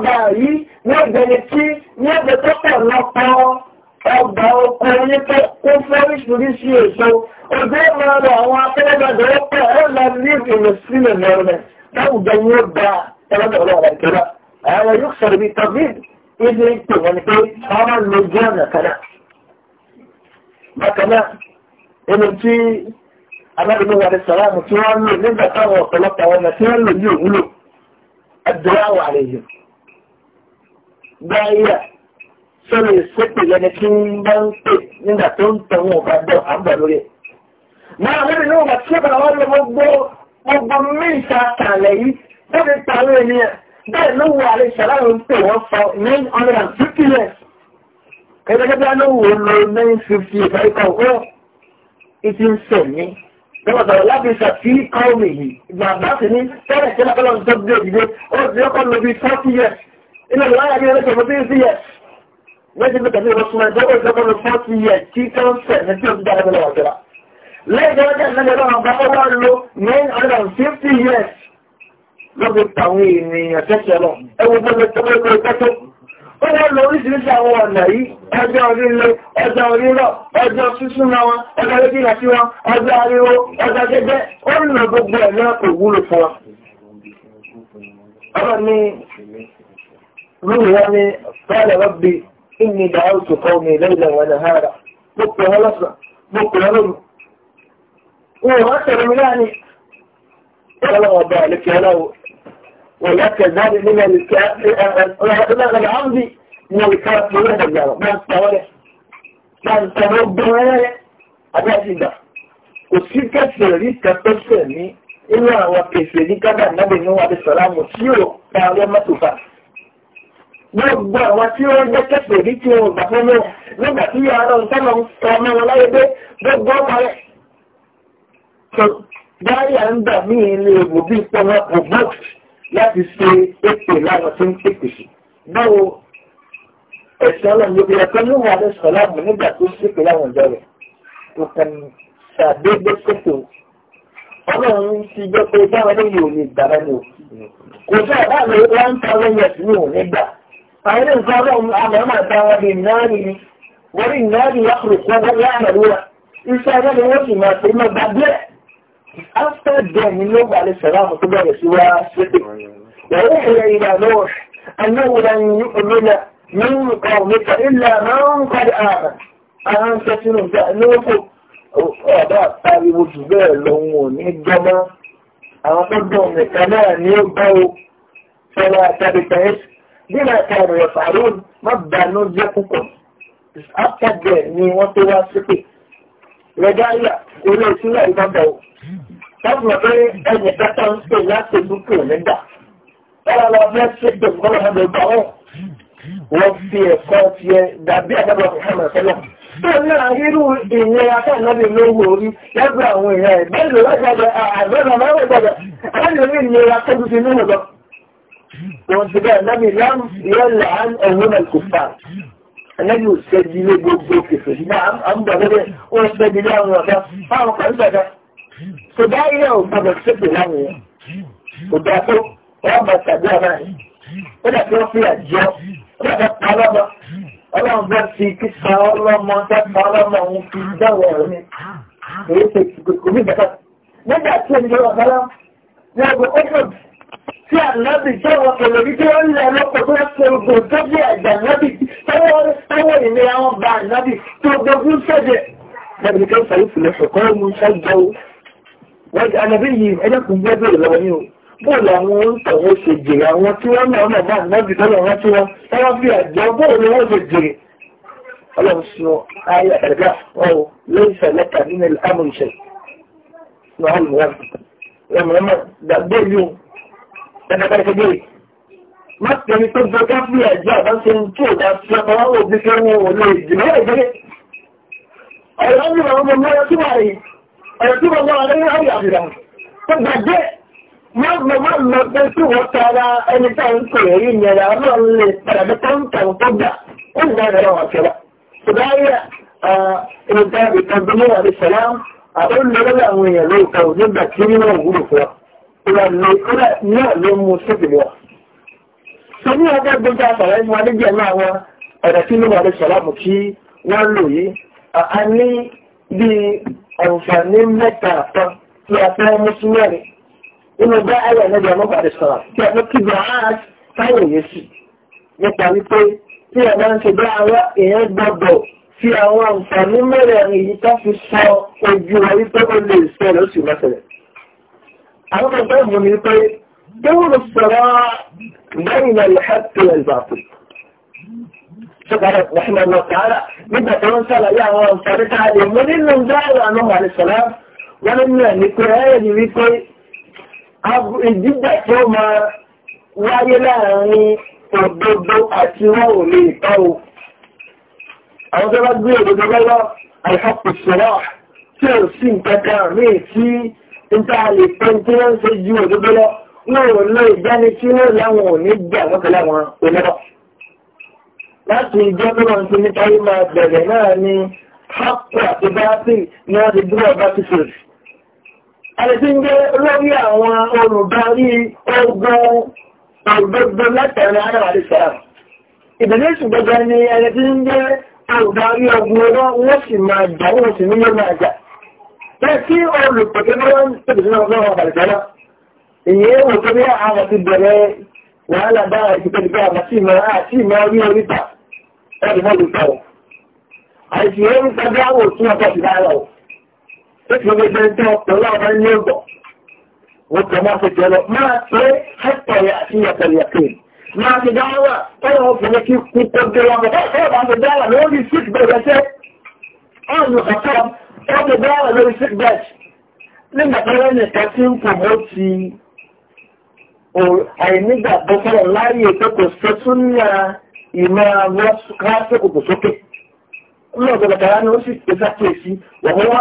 gbà yìí ní ọ̀gbẹ́ni tí ní ọ̀gbẹ́ tó pọ̀ lọ́pọ̀ ọgbà oko oníkó kó fẹ́ríṣiríṣi èso ọdún ìmọ̀ ọ̀rọ̀ àwọn akẹ́lẹ́gbẹ̀dẹ̀ ọ̀pẹ̀ ẹ̀lá ní ìgbìmọ̀ sílẹ̀ mẹ́rin láwùjọ ní ó gba ẹlọ́dọ̀ ọ̀rọ̀ ìjọba àwọn yóò sọ̀rọ̀ bí tọ́bíd ilé ìpè wọn ni pé àwọn lójú ọ̀nà kanáà bákan náà ẹni tí alábìnrin wà ní sàlámù tí wọ́n lò nígbà táwọn ọ̀pọ̀lọpọ̀ àwọn ọmọ tí wọ́n lò ní òwúlò ẹ̀dùn àwọn àlejò gbáyà sọ́rọ̀ ìsépè lẹ́ni tí ń bá ń pè nígbà tó ń tẹ̀wọ̀n ọ̀gá bọ̀ àgbà lórí ẹ̀. Máa lórí náà wà tí ọ̀gá wọn lọ gbogbo gbogbo mẹ́ta tààlẹ̀ yìí tó fi tààlẹ̀ ènìyàn bẹ́ẹ̀ ló wọ àlẹ́ ìṣàlàyé ń pè wọ́n fọ nine hundred and fifty years. Ẹgbẹ́ gẹ́gẹ́ ló wò lọ nine fifty ìfẹ́ríkà ọ̀hún ìtì ń sẹ̀ mí. Lọ́wọ́dọ̀ láti ṣàfi kọ́ọ̀mì yìí, bàbá sì ní tẹ́lẹ̀ tẹ́lẹ̀ kọ́lọ́ méjì ló tẹ̀lé ìwọ́sùn ẹ̀dọ́ ìjọba lọ fọ́tí yẹ tí kọ́ńsẹ̀ ní tí ó ti dára lọ́wọ́ ọ̀tẹ́ra lẹ́yìn ọjọ́ ìlẹ́gbẹ̀ẹ́ lọ́wọ́ bá wá lo nine hundred and fifty years lọ́gbẹ̀ tàwọn ènìyàn tẹ́sẹ̀ lọ ẹwọ gbogbo tọ́gbẹ́ gbogbo tẹ́tọ́ ó wọ́n lo oríṣiríṣi àwọn ọ̀nà yìí ọjọ́ orílẹ̀ ọjọ́ orílọ̀ ọjọ́ sísúnmọ́ wọn ọjọ́ lẹ́gbẹ̀ẹ́ sí wọn ọjọ́ ariwo ọjọ́ gẹ́gẹ́ ó ń lọ gbogbo ẹ̀ náà kò wúlò fún wọn. ọ̀rọ̀ mi rúwìí wọn ni fẹ́ẹ̀lẹ̀ rọ́bì إني دعوت قومي ليلا ونهارا مكة هلصة مكة هلصة وأكثر من يعني ولا وبالك يا لو ولك ذلك من الكافر العمد من الكافر ولا الجارة ما استوالح ما استوالح ولا أبعد ده وسيل كثير ريس كثير سني إلا وكثير كذا النبي نوح عليه السلام وسيله قال ما تفعل gbogbo àwọn tí wọ́n jẹ́ kẹ́pẹ̀ rí tí wọ́n gbà fún mi nígbà tí yọ ọ̀rọ̀ ìtọ́nà ń sọ ọmọ wọn láyé pé gbogbo parẹ́. Dáríà ń gbà ní ilé ìwò bí ìpọnà provost láti ṣe èpè lánàá tó ń pèpè sí. Báwo ẹ̀sìn ọlọ́run ló bẹ̀rẹ̀ pé níwọ̀n alẹ́ sọ láàmú nígbà tó ṣépè láwọn ìjọ rẹ̀. Kò kàn ṣàdédé ṣètò ọlọ́run ti jẹ́ pé báwọn eléyìí ò lè gbà lẹ́nu. Kò sí فهنا انزارهم عمام أتاوى بالنار وللنار يخلقون يعملون إنسان الوجه ما ثم بعدها أفتى الدين النوب عليه السلام وطبع يسوى سفر وأوحي إلى نوح أنه لن يؤمن من قومك إلا من قد آمن أنت سنفأنوك ọ̀dọ́ àtàríwò jù bẹ́ẹ̀ lọ́wọ́ ní gbọmọ́ àwọn tó dùn nìkan bílẹ̀ kẹrù ẹ̀fàrún má bàánú jẹ́ púpọ̀ after there ni wọ́n tó wá sípè rẹ̀dáyà orí ìsúlẹ̀ ìbábọ̀ o láti mọ̀ pé ẹnì kẹta ń pè láti dúpọ̀ nígbà ẹ̀rọ lọ fẹ́ sípè kọ́lọ́ ọ̀dọ̀ gbà wọ́n wọ́n fi ẹ̀kọ́ tiẹ̀ dàbí àdábọ̀ Muhammad sọ́lọ́ bẹ́ẹ̀ náà irú ìyẹn akẹ́nàbí lówó orí lẹ́gbẹ̀ẹ́ àwọn èèyàn ẹ̀ bẹ́ẹ̀ lọ́wọ́ gbọ́dọ̀ wọ́n ti bẹ́ẹ̀ lẹ́bi lẹ́nu yẹ́lẹ̀ án ẹ̀wọ́n náà kò fà. Ẹlẹ́bi ò sẹ́bi ilé gbogbo kẹfẹ́ ní àmúgbà bẹ́ẹ̀ ó ń sẹ́bi ilé àwọn ọ̀gá fáwọn kan gbàgbà. Sọdá ilé ò gbọdọ̀ sépè láwọn yẹn. Kò dáa tó wọ́n bá tàbí ọ̀nà yìí. Ó dàbí wọ́n fi àjọ ọlọ́dọ̀ pa ọlọ́mọ. Ọlọ́run bá ti kíta ọlọ́mọ dáta ọlọ́mọ òun fi dáwọ̀ ọ̀rọ̀ mi tí ànábì jẹ́wọ́ pẹ̀lẹ́bí tí wọ́n lẹ̀ lọ́pọ̀ tó ṣe ogun ìjọ́bí àgbà ànábì tọ́wọ́ ìnira wọn bá ànábì tó gbogbo sẹ́jẹ̀ lẹ́bìí kan sàrí fìlẹ̀ ṣọ̀kọ́ mú ṣájọ́ ànábì yìí ẹjẹ́kùn gbẹ́gbẹ́ ìlọ́wọ́ ní o bóòlù àwọn orúkọ wọn ṣe jèrè àwọn tí wọ́n náà náà bá ànábì tọ́lọ̀ wọn tí wọ́n wọ́n fi àjọ bóòlù wọn ṣe jèrè ọlọ́run sọ ayé ẹ̀dá ọ̀hún lórí ẹ̀ẹ́dẹ́gbẹ́ ti dé mọ́tẹ̀mí tó gbé gábí ẹ̀jẹ́ àbáṣe ń tó àti ọmọ òbí fẹ́ ní òun ìdìbò ẹ̀jẹ́ ọ̀rọ̀ ní ọmọ mọ́ra tí wà rí ọ̀rọ̀ tí wọ́n mọ́ra lẹ́yìn àrí àbìrà tó gbàgbé mọ́gbọ́n mọ́ pé tí wọ́n tara ẹni tá ń pè rí ìyẹ̀rẹ̀ ọlọ́run lè padà bí tó ń tàn tó gbà ó ń dára ẹ̀rọ àṣẹwà ṣùgbọ́n ẹni tá ìtàn bí wọ́n rí sẹ́lá àbẹ́lẹ́lẹ́ àwọn èèyàn lóòótọ́ nígbà tí wọ́n wúlò fún wa náà ló mú sóbìlẹ̀ so ní ọjọ́ gbogbo àtàrà ẹni wa níbi ẹ̀mọ́ àwọn ọ̀dọ̀ tí ló wà lè sọ̀lámù kí wọ́n lò yìí a ní bí àǹfààní mẹ́ta àtọ́ tí a fẹ́ mú sí mẹ́rin nínú bá ayọ̀ níbi ẹ̀mọ́ bàdé sọ̀rọ̀ tí a ló kí bí a táyọ̀ yé sí nípa wípé tí a máa ń ṣe bá àwọn èèyàn gbọ́dọ̀ fi àwọn àǹfààní mẹ́rin yìí tó fi sọ ojú wa wípé ó àwọn kan fẹ́ mọ̀ ní pé dóòrò sọ̀rọ̀ lẹ́yìn al-haqqi wal-batil. Ṣọ́kàrà Mùhàmmad Nàkàrà nígbà tó ń sàlàyé àwọn ọ̀sán tá a lè mú nínú dáàrà àná Màlìsàlá wọ́n ní mìíràn ní pé ẹ̀rẹ́ ni wípé wáyé láàárín òdodo àti wọn ò lè tọ́ o. Àwọn tó bá gbé òdodo lọ́wọ́ al tí ò sí nǹkan kan tí níta lè fẹ́ tí wọ́n ṣe ju òdodo lọ wọn ò lọ ìjáde tí láwọn ò ní gbà lọ́kẹ́ láwọn onírọ̀. láti ìjọ tó wọn ti ní táyé máa bẹ̀rẹ̀ náà ni hapu àti báàsì ni wọ́n ti dúró ọba fèrè. àlejò ń jẹ́ lórí àwọn olùdarí ogun òdodo látàrí ara àti sàrà. ìbẹ̀rẹ̀ ìṣùgbọ́gbọ́ ni ẹni ń jẹ́ olùdarí ogun ọlọ́wọ́ sì máa jà wọ́n sì ní bẹ́ẹ̀ tí olùpẹ̀kẹ́ ní wọ́n tẹ̀lé sínú ọlọ́run àbàlùjọ́lá ìyẹn wò tó ní àwọn ti bẹ̀rẹ̀ wàhálà bá ìdíkẹ́ nípa àwọn tí ìmọ̀ àti ìmọ̀ orí oríta ẹ̀rù mọ́ lùtà ọ̀ àìsí ìwé nípa bí àwọn òtún ọkọ̀ ti dára ọ̀ ó ti lọ́gbẹ́ jẹ́ tẹ́ ọ̀pọ̀ ọlọ́run ní ọgbọ̀ wọ́n tẹ̀ máa fi jẹ́ lọ máa pé hẹ́pẹ̀rẹ̀ àti yàtọ̀lẹ̀ yàtọ̀lẹ̀ máa ti dáwà tọ́lọ̀ obìnrin kí kú ó ti bẹ́ẹ̀rẹ̀ lórí sickbed nígbàtọ́rẹ́ nìkan tí ń pò mọ́ ti àìnígbàgbọ́ sọ̀rọ̀ láàrin ètò kò sọ tún ní ìmọ̀ rásìkò kò sókè lọ́dọ̀ bàtàrà ni ó sì pèsè àkíyèsí wọ̀n wá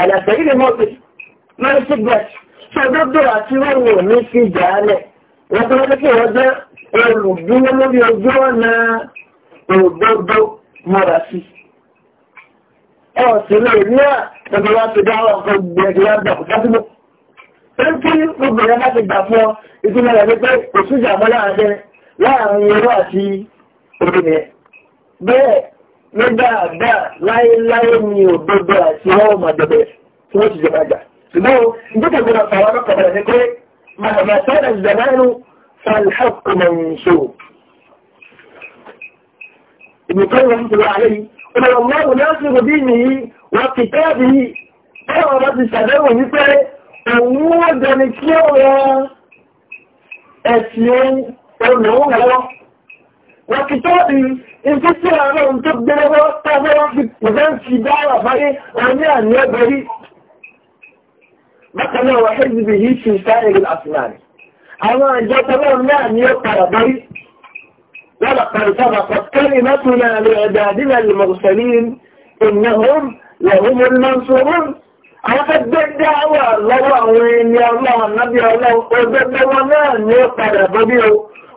àyàtọ̀ ilé mọ́tò lórí sickbed tí ọjọ́ bẹ̀rẹ̀ àti rọrùn ò ní fi jà á lẹ̀ wọ́n tó wọ́n kí wọ́n jẹ́ olùdúró lórí ọ̀sẹ̀rẹ̀ ní à tọ́tọ́ wá ti dáwọ̀ ọ̀kan gbẹ̀rẹ̀ yàgbà kásìmọ̀. Tẹ́ńkì gbogbo rẹ̀ bá ti gbà fún ọ, ìtumọ̀ rẹ̀ wípé kò sújà mọ́ láàrin láàrin ẹ̀rọ àti obìnrin. Bẹ́ẹ̀ nígbà àgbà láéláé ni òdodo àti ọwọ́ màdọ̀bẹ̀ tí wọ́n ti jọba jà. Ṣùgbọ́n ìdókè gbọdọ̀ fàwọn ọlọ́kọ̀ọ̀rẹ̀ ni pé màmá Ìrọ̀lọ́wò ní ọ́sìnkú bí mi wọ́n ti tẹ́ẹ̀bì yìí, ẹ̀wọ̀n bá ti ṣàdẹ́wò wípé òun ó jẹni kí ó rọ ẹ̀sìn olùrún lọ́wọ́. Wọ́n ti tẹ́ẹ̀bì ibi tí ààrẹ òun tó gbẹ́rẹ́wọ́ tẹ́gbẹ́ wọ́n fi pẹ̀lẹ́ǹtì dáwà fáyé wọn ní àní ẹgbẹ̀rí. Bákan náà ولقد سبقت كلمتنا لعبادنا المرسلين إنهم لهم المنصورون أخذ الدعوة لوعين يا الله النبي الله وزد ومان يقرأ ببيعه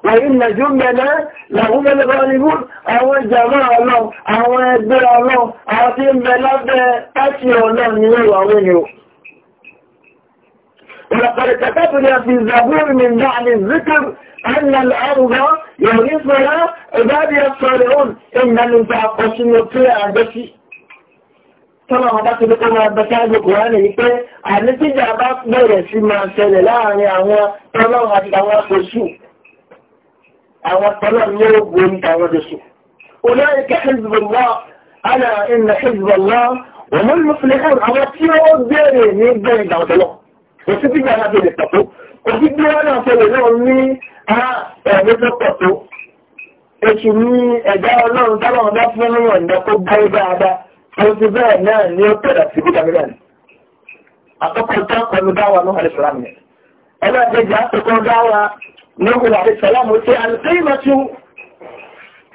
وإن جندنا لهم الغالبون أو الجماعة الله أو الدعاء الله أعطيهم بلد أشياء الله من الوعين ولقد كتبنا في الزبور من بعد الذكر أن الأرض يورثها عبادي الصالحون إن المتعقصين فيها بشيء tọ́lọ̀ ọba ti dúkọ́ máa bẹ sáájú kùránì wípé ànítíjà bá bẹ̀rẹ̀ sí máa ṣẹlẹ̀ láàrin àwọn tọ́lọ̀ àti àwọn oṣù àwọn tọ́lọ̀ ní ogun ní àwọn oṣù. olóyè kẹ́ ṣèjìbọ̀lá ana ìnà ṣèjìbọ̀lá ọmọ ìlúfilẹ̀ àwọn tí ó bẹ̀rẹ̀ ní bẹ̀rẹ̀ ìgbà ọ̀tọ̀lọ̀ òsì ẹ̀mí tó pọ̀ tó oṣù ní ẹ̀dá ọlọ́run tábàwọn bá fún ọlọ́run ọ̀nà kó gbáyé dáadáa tó ti bẹ́ẹ̀ náà ní ó pẹ̀lá sí bí kàmílà ní àkọ́kọ́ tán pẹ̀lú dáwà ní ọ̀rẹ́ sọ́lá mi ẹlẹ́gbẹ̀jì àkọ́kọ́ dáwà ní ọ̀rẹ́ sọ́lá mo ṣe àlùkẹ́yìnmọ́tú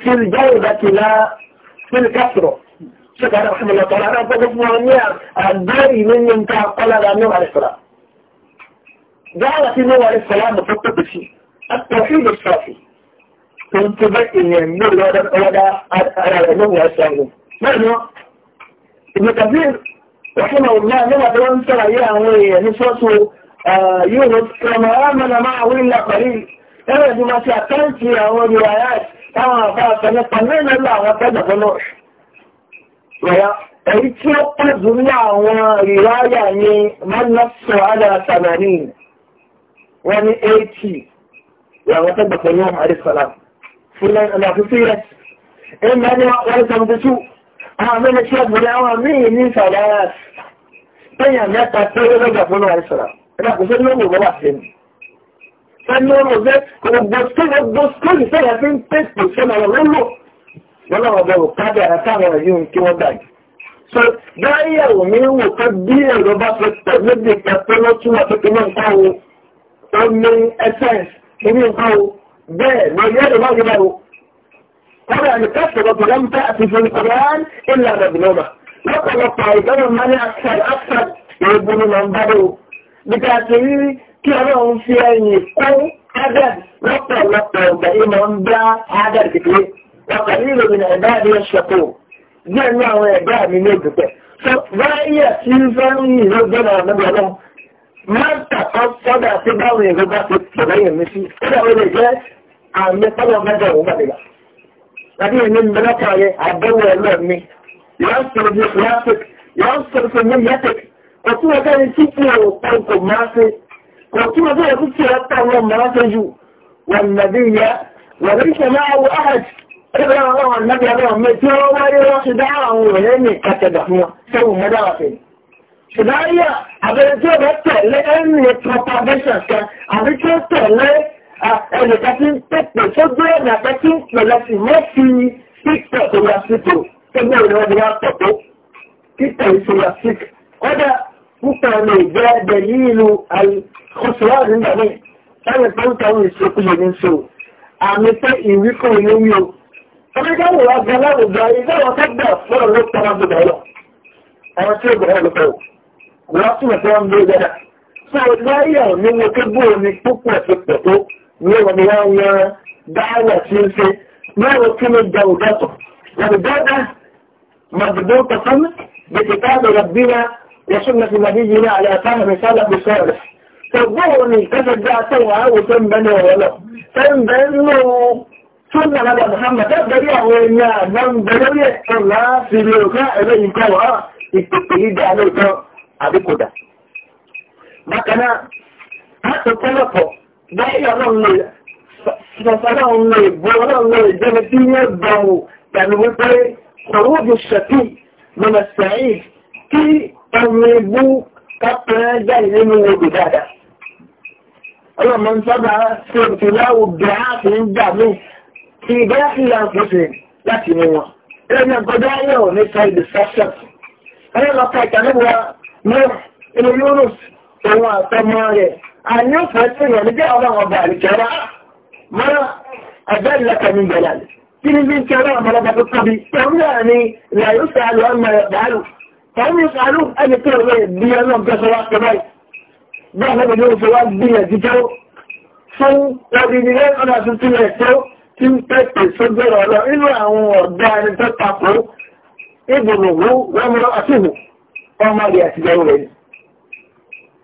tí ìjáwé ìdákìlá tí ìkásùrọ̀ ṣe kàrà fún ọlọ́tọ̀ lára gbogbo fún ọ ní àgbẹ̀rì nínú nǹkan akọ́lára ní ọ̀rẹ́ sọ́lá dáwà sí ní ọ̀rẹ́ sọ́lá mo tó pẹ̀lú sí التوحيد الصافي كنت بقي النور ولا على النور والسلام نحن ابن كثير رحمه الله لما تقول ترى يا عمي نصوص يونس كما آمن معه إلا قليل أنا بما سأكلت يا روايات كما فاتنا قلنا الله وكذا فنوح ويا èyí tí ó pẹ̀lú ní àwọn ìráyà ni mọ́nà sọ alẹ́ àtàmàní wọ́n ní 80 يعني طبق اليوم عليه السلام فلان أنا في سيرة إما أنا ولا تنبسو أعمل أشياء بلاوة مين ثلاث طيب لا تأثير رجع فلان عليه السلام أنا أقول لهم ولا أحسن فالنور ده كنا بنبص بنبص كل سنة فين تسبس سنة أقول له ولا هو ده وقعد أنا تعمل اليوم كي وداي ده يومي وتدبير وبس تدبير كتير وتشوف كمان قوي ومن أساس kìíní nǹkan o bẹ́ẹ̀ lọ yẹ́ lọ lọ́wọ́ yẹ́ o kọ́rọ̀ àmì kẹ́sìtọ̀ tó lọ́mú tẹ́ àti fún ìkọ̀rán ilẹ̀ àbẹ̀bìnọ́mà lọ́pọ̀lọpọ̀ ìgbẹ́rún máa ní àṣàd àṣàd ìrìbù ni màá ń bá dé o nígbà tí rí kí ọlọ́run fi ẹ̀yìn kó adad lọ́pọ̀lọpọ̀ ìgbà yìí ń bá adad kékeré ọkọ̀ yìí ẹ̀dá ما تقصد اعتبار يجب تبين مشي كده اقول ازاي عم يطلع مدى وما بلا ابي من بلاك عليه عبدو يا الله ابني يأثر في خلافك يأثر في منيتك قلتوا كان تيكي او طيب ماسي قلتوا كان تيكي حتى الله مراسجو والنبي وليس معه احد ابن الله النبي الله ميتوا وواري راشد عاو هيني كتبه سو مدافن ṣùgbáyà àbẹ̀rẹ̀ tí ó bẹ́ tẹ̀lé ẹni propagation kan àbí tí ó tẹ̀lé ẹnìkà tí ń pèpè sójú ẹ̀nà àpẹ́ tí ń pèlẹ̀ sí mẹ́fì pípẹ̀ tó yà sípò tẹ́gbẹ́ ìrìn ọdún wa pọ̀ tó pípẹ̀ tó yà sípò ọ̀dà púpọ̀ ọmọ ìgbẹ́ ẹgbẹ́ yìí lu àìkọsọ̀rọ̀ nígbà mí ẹni tó ń tẹ̀wé ìṣokùnye ní so àmì pé ìwíkọ̀ ilé yìí o ọmọdé wò wá gan láwùjọ ìgbà wọn fẹ́ gbà fún látúnà tí wọ́n ń lé dáadáa. Sọ láyé àwọn ní mo kébù omi púpọ̀ ti pọ̀ tó ní wọn ni wọ́n yan dáhùn sí ń ṣe mẹ́rin kí ló da òdàtọ̀. Yàtọ̀ dáadáa màdìbò kọ̀sán bèbè káàdọ̀ ràbíra yẹsùn náà ti màdí yìí ní àlẹ́ àtàwọn àmì sálà bí sọ̀rọ̀. Tẹ̀gbọ́n ni ìkẹ́sẹ̀ dá àtẹ̀wọ̀ àwòsàn bẹ́ẹ̀ ni ọ̀rọ̀ lọ. Tẹ̀gbẹ́ nù sunna nada Muhammad dabbari àwọn èèyàn àgbà ń bẹ̀rẹ̀ yẹ̀ láti lè ká ẹ̀rẹ́ ìkọwàá ìpìpìlì dáadọ́ àbí kò dà. bákan náà láti tẹ́lẹ̀pọ̀ báyìí ọlọ́run lè sọ̀tọ̀ ọlọ́run lè bọ́ ọlọ́run lè jẹ́ni bí yẹn bọ̀wọ̀ yàrá wípé sọ̀rọ̀ òjò ṣẹ̀tì lọ́nà sẹ́yìn kí ẹ̀rùn ibú kápẹ́ jáde nínú odò dáadáa. ọlọ́mọ ń sábà ṣe ìtìláwò bẹ̀rẹ̀ àti ń gbà mí ti bẹ́ẹ̀ sí àǹfọ̀sẹ̀ láti mú wọn. ẹ̀rọ náà gbọ́dọ̀ ayọ̀ nípa ìdìsáṣẹ̀. ẹ̀rọ lọ́ka ìtàlẹ́wọ̀ náà inú Yunus òun àtọmọ rẹ̀ àní ó fẹ́ sí ìrọ̀lẹ́ jẹ́ ọlọ́run ọba àríkẹ́rá mọ́ra ẹgbẹ́ ìlẹ́kẹ̀ ní ìgbẹ̀lẹ̀ kí ni bí ń kí ọlọ́run ọba tó tóbi pẹ̀lú náà ni làyúsà lọ ọmọ rẹ̀ dàálù pẹ̀lú ìsàlù ẹni tó rẹ̀ bí ọlọ́run kẹsọ wá pẹ̀lú bí ọlọ́run ló fi wá gbìyànjú tó fún ọdún ọ̀nà tuntun rẹ̀ tó tí ń pẹ̀pẹ̀ sójú ọ̀rọ̀ inú àwọn ọ̀dọ́ ẹni tó takò ìbùnú wọ́n mọ́ ọmọ rẹ̀ àti ìyàwó rẹ̀ ni.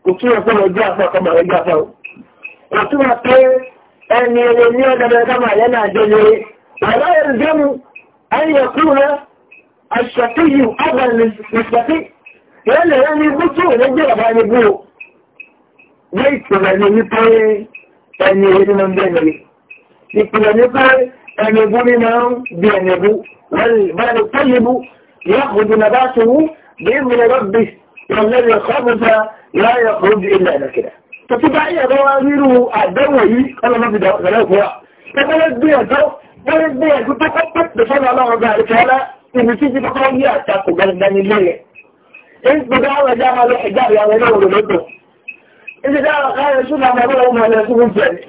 Kò túnra pé lọ jẹ́ àfọ́ ọmọ rẹ̀ jẹ́ àfọ́. Kò túnra pé ẹni ẹni ní ọ̀dọ̀dọ̀ ká máa yẹ náà jẹ́ lórí. Bàbá yẹn jẹ́ mu, ẹ̀yìn ẹ̀kú rẹ̀, àṣàtì yìí, ọ̀gá nìṣàtì. Ìyẹn lè rẹ́ ní ibú tí òun jẹ́ bàbá ní ibú o. Ní ìpìlẹ̀ ni wípé ẹni ẹni máa ń bẹ́ ẹni. Ìpìlẹ̀ ni pé ẹni ibú ni máa ń bí ẹni ibú. Wọ́n lè bá ẹni tẹ́lẹ̀ ibú, ìyá جاي من ربه والذي خبث لا يخرج إلا نكدا فتبع إيه ضوامره الدوي قال ما في ثلاث وراء فقالت بها الدو قالت بها الدو تقطت بصنع الله ذلك هلا إن تيجي تقول يا أتاكو قال دان الليل إنت بدعوة جامعة الحجاب يعني نور الهدو إنت دعوة قال شو ما مروه ما لأسوه الثاني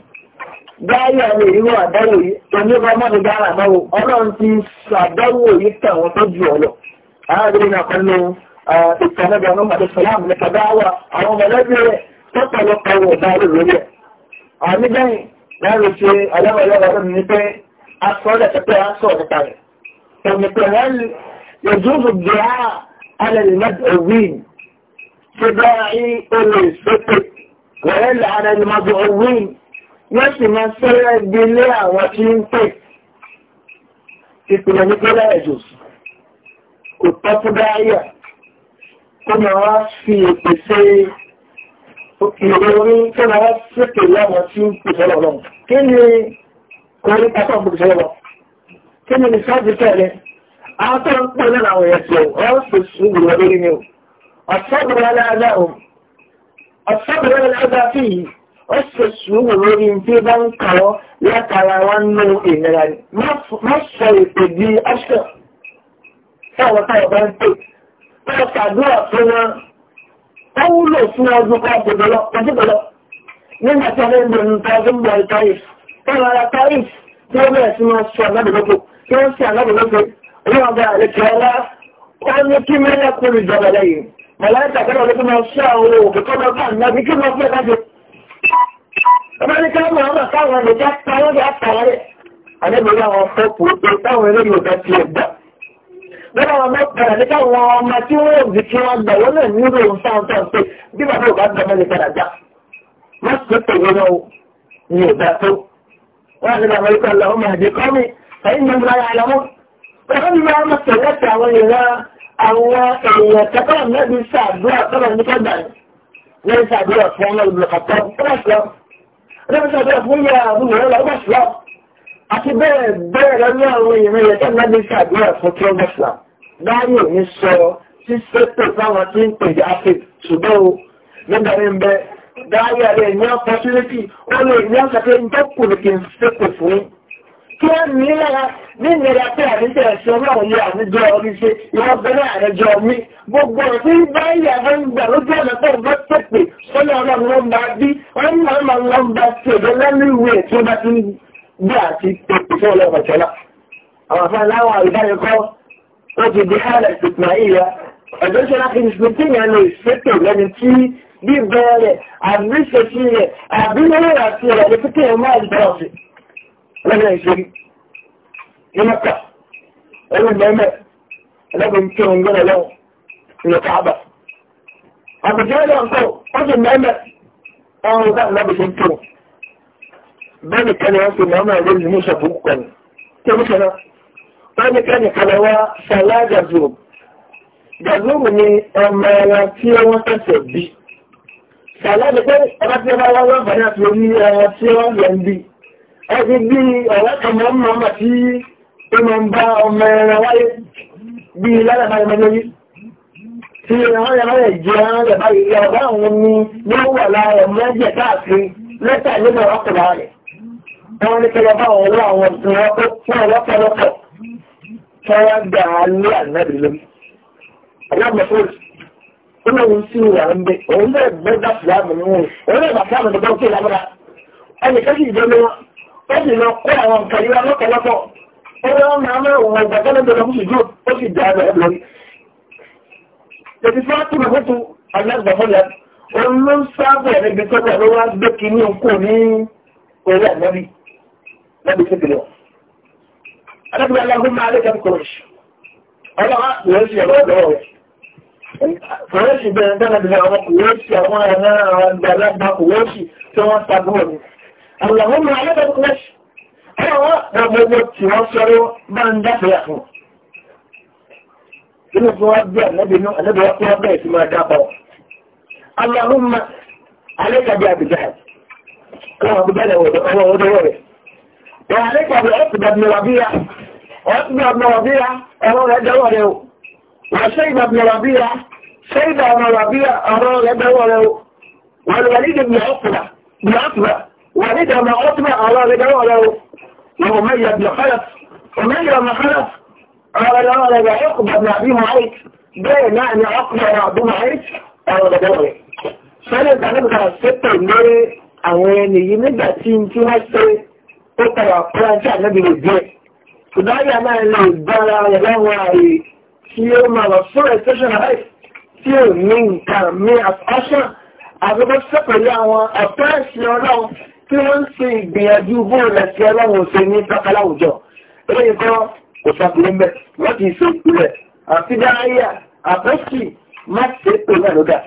báyà ni ìwọ àdáwò yìí tó ní ọmọ mi dára náà ọlọ́run ti ṣàdáwò yìí tàwọn tó ju ọlọ́ هذا هنا قالوا النبي عليه السلام لك دعوة أو ملابي تطلق دار الرجاء àmì bẹ́yìn láàrin ṣe aláwọ̀lọ́wọ̀ rẹ̀ ní pé aṣọ́lẹ̀ pẹ̀pẹ́ aṣọ́ ọ̀pẹ̀ta rẹ̀. ẹ̀mì pé wọ́n lè jùzù jẹ́ alẹ́lẹ̀ mẹ́dọ̀wìn ṣe dára yí olè ìṣẹ́pẹ̀ sì máa ṣẹ́rẹ́ gbé àwọn tí ń pè. ìpìlẹ̀ ní pé kò tọ́ tó dáyà tó ma wá fi ìpèsè ìròrí tó ma wá sépè láwọn tí ń pèsè lọ́wọ́ kí ni orí pápá pèsè lọ́wọ́ kí ni sáàbì tẹ̀lé àwọn tó ń pè lọ́nà àwọn ẹ̀sẹ̀ ọ̀rọ̀ sì sùn wùrọ̀ lórí ni o ọ̀sọ́bìrì aláàdá o ọ̀sọ́bìrì aláàdá fi yìí ó sì sùn wùrọ̀ lórí tí bá ń kàwọ́ látara wọn nù ìnira ni má sọ ìpè di ọ́ṣọ́ táwọn táwọn bá ń pè wọ́n ṣàdúrà fún wọn ó wúlò fún ọdún kan gbogbo lọ nígbà tí wọ́n ń lò ní tọ́jú bọ̀ ìtọ́yì táwọn ará tọ́yì tí wọ́n bẹ̀rẹ̀ sí máa ṣe àgbàdìlókò tí wọ́n ṣe àgbàdìlókò olóògbé àlejò ọlá ó ní kí mẹ́lẹ̀ kúrò ìjọba lẹ́yìn mọ̀láìta kẹ́lẹ́ ọdún tó máa ṣe àwọn òkè tó máa bá nígbà kí wọ́n fẹ́ kájọ. ọba ní ká máa wà káwọn ọmọdé táwọn ọmọdé àtàwọn rẹ̀ àdébòrí àwọn fọ́ọ̀pù táwọn eléyìí ò lọ́wọ́ ọmọ padà ní káwọn ọmọ tí wọ́n rí kí wọ́n gbà wọ́n náà nílò ohun sáwọn sáwọn pé bí bàbá bá gbà mọ́ padà já má sì pé lọ́wọ́ ni ò dá tó wọ́n ní bàbá ikọ̀ lọ́wọ́ máa dé kọ́ mi ẹ̀yìn mi máa yà lọ́wọ́ ẹ̀yìn mi máa sọ láti àwọn èèyàn àwọn èèyàn kẹ́kọ̀ọ́ àti bẹ́ẹ̀ bẹ́ẹ̀ lọ́lọ́ àwọn èèyàn rẹ̀ tó máa ń ṣe àdúrà fún kí wọ́n bá ṣà dáàrí ò ní sọ sí sẹ́tọ̀ fáwọn tí ń pè ní afẹ́ ṣùgbọ́n o nígbà rẹ̀ ń bẹ dáàrí àrẹ ní ọpọtúnítì ó lè ní ọ̀sàkẹ́ ń dẹ́kùn ní kí n sẹ́tọ̀ fún kí wọ́n ní lára ní ìnira pé àníṣe ẹ̀sìn ọlọ́run ní àníjọ orí ṣe ìwọ́n bẹ̀rẹ̀ àrẹjọ mi gbogbo ọ̀sẹ̀ bá ìyá rẹ̀ ń gbà lójú ọ̀nà tó bá tẹ̀pẹ̀ sọ́nà ọlọ́run ló ń bá bí wọ́n máa ń lọ bá ṣèjọ lẹ́nu ìwé tí wọ́n bá ti ń bí àti pèpè fún ọlọ́run ọ̀tọ́lá àwọn afẹ́ aláwọ̀ àrídáyẹkọ́ ó ti di hálẹ̀ ìpìnà ìyá ọ̀dọ́ ṣọlá fi ní pé yẹn lè ṣètò lẹ́ni tí bíbẹ̀ rẹ̀ àbí ṣèṣì rẹ̀ àbí lórí àti rẹ̀ ní pípé yẹn máa gbọ́ ọ̀sẹ̀ lẹ́nu ìṣèlú ní mọ́tà ẹnu bẹ́ẹ̀ ẹlẹ́gbẹ̀ẹ́ tí òun gbọ́dọ̀ lọ́wọ́ ní káàbà àbùjá ẹ̀dọ̀ nǹkan ó sì mẹ́mẹ́ ọ̀run ká báyìí kan ni wọ́n fi màmá rẹ̀ lù ní ìṣọ̀bù púpọ̀ ni tó ń sọ̀rọ̀ báyìí kan ni kalẹ̀ wá sàlá gàzúùmù gàzúùmù ni ọmọ ẹ̀rọ tí wọ́n ṣẹ̀ṣẹ̀ bí sàlá ni pé ọba tí wọ́n wá wá bàyà tó ní ẹ̀rọ tí wọ́n yẹ ń bí ẹbí bí ọ̀rẹ́ kan mọ́ mọ́ mọ́ tí ó mọ́ ń bá ọmọ ẹ̀rọ wáyé bí lálàbà ọmọ lórí tí wọ́n yẹ báyẹ̀ jẹ́ wọ́n ní kí lọ bá wọn lọ àwọn tí wọ́n tó tí wọ́n lọ́pọ̀lọpọ̀ tí wọ́n gbà á lé ànábì lórí. alámọ̀fóòsì ó lóun sí ìwà ń bẹ òun náà gbé dàpọ̀ láàmù ní wọn òun náà bàtà àmì tó kí lábúra ẹnì kẹ́kì ìjọ ni wọn ó sì lọ kó àwọn ní wọn máa lẹ́bi sí ìbílẹ̀. Adébí alágún máa lẹ́kẹ̀ẹ́ kòròṣì. Ọlọ́wà kòròṣì ẹ̀rọ ọ̀dọ́wọ̀ rẹ̀. Kòròṣì bẹ̀rẹ̀ dára bí àwọn kòròṣì àwọn ẹ̀rọ àgbàlagbà kòròṣì tí wọ́n sagbó rẹ̀. Àlàgún máa lẹ́kẹ̀ẹ́ kòròṣì. Ọlọ́wà na gbogbo tí wọ́n sọ̀rọ̀ máa ń dáfẹ́ àfọ̀. Inú tí wọ́n gbé àlẹ́bìnú àlẹ́bìnú ọkùnrin bẹ́ẹ̀ sí máa dábọ̀. Àlàgún máa alẹ́kẹ̀ẹ́ bí àbìjáde. Kọ́ يعني بعقبة بن ربيع عقبة بن ربيع أراد دوله وشيبة بن ربيع شيبة بن ربيع أراد دوله والوليد بن عقبة بن عقبة وليد بن عقبة أراد دوله وأمية بن خلف أمية بن خلف أراد دوله بعقبة بن أبي معيط بين يعني عقبة وأبو معيط أراد دوله سنة 1906 àwọn ẹni yìí nígbà tí n tí wọ́n ṣe ó padà fúráńtì ànábìrì díẹ̀ ṣùgbọ́n máa lè gbára rẹ̀ láwọn ààyè tí ó máa lọ fún extension life tí ò ní nǹkan mi àfáṣàn àbúkọ́ sẹ́pẹ̀lú àwọn àfẹ́ẹ̀sì ọlọ́run tí wọ́n ń ṣe ìgbìyànjú bóòlù ẹ̀sìn ọlọ́run ṣe ní pápáláwùjọ eléyìí kọ́ kò sàkùnrin bẹ́ẹ̀ wọ́n ti ṣe ìpìlẹ̀ àti dáhàyà àfẹ́sì má ṣe pẹ̀lú àlọ́dà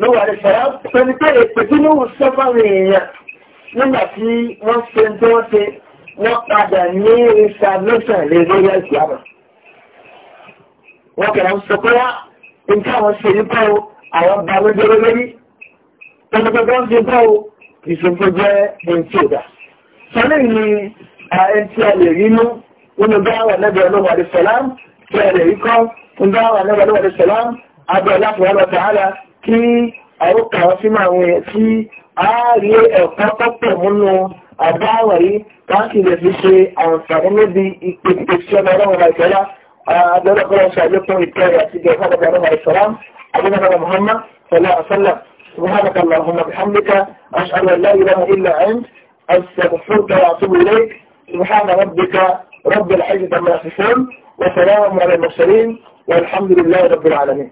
lówó àdìsọ́lá pẹ̀lú pé èpè tí ló wù sọ́fà rìn èèyàn nígbà tí wọ́n ṣe tí wọ́n ṣe wọ́n padà ní reservation lè rí ilé ìsìlámù. wọ́n kẹ̀rọ sọ pé wá nǹkan àwọn ṣe ní pẹ́ o àwọn ba ló jẹ́ lórí pẹ̀lúpẹ̀lú ń ṣe pẹ́ o ìṣòfò jẹ́ ohun tí ò dá. sọ́nà ìní ẹni tí a lè rí mú nínú bá wà lẹ́bẹ̀ẹ́ ọlọ́wọ́ àdìsọ́lám tí a lè rí kọ́ nínú bá wà lẹ́bẹ̀ẹ́ ọlọ́wọ́ àdìsọ́lám abẹ́ láti àwọn kàwọn sí máa wọn yẹn tí a rí ẹ̀kọ́ tọ́pọ̀ múnú àdáwà yìí káàkiri lè fi ṣe àǹfààní níbi ìpèsè sí ọmọ ọlọ́run àìsọ́lá àdọ́dọ́ kọ́ ọ̀ṣọ́ àlékún ìtẹ́rẹ̀ àti ìgbẹ̀fọ́ ọlọ́run àìsọ́lá àdọ́dọ́ Muhammad sallallahu alaihi wasallam سبحانك اللهم بحمدك أشهد أن لا إله إلا أنت أستغفرك وأتوب إليك سبحان ربك رب العزة عما يصفون وسلام على المرسلين والحمد لله رب العالمين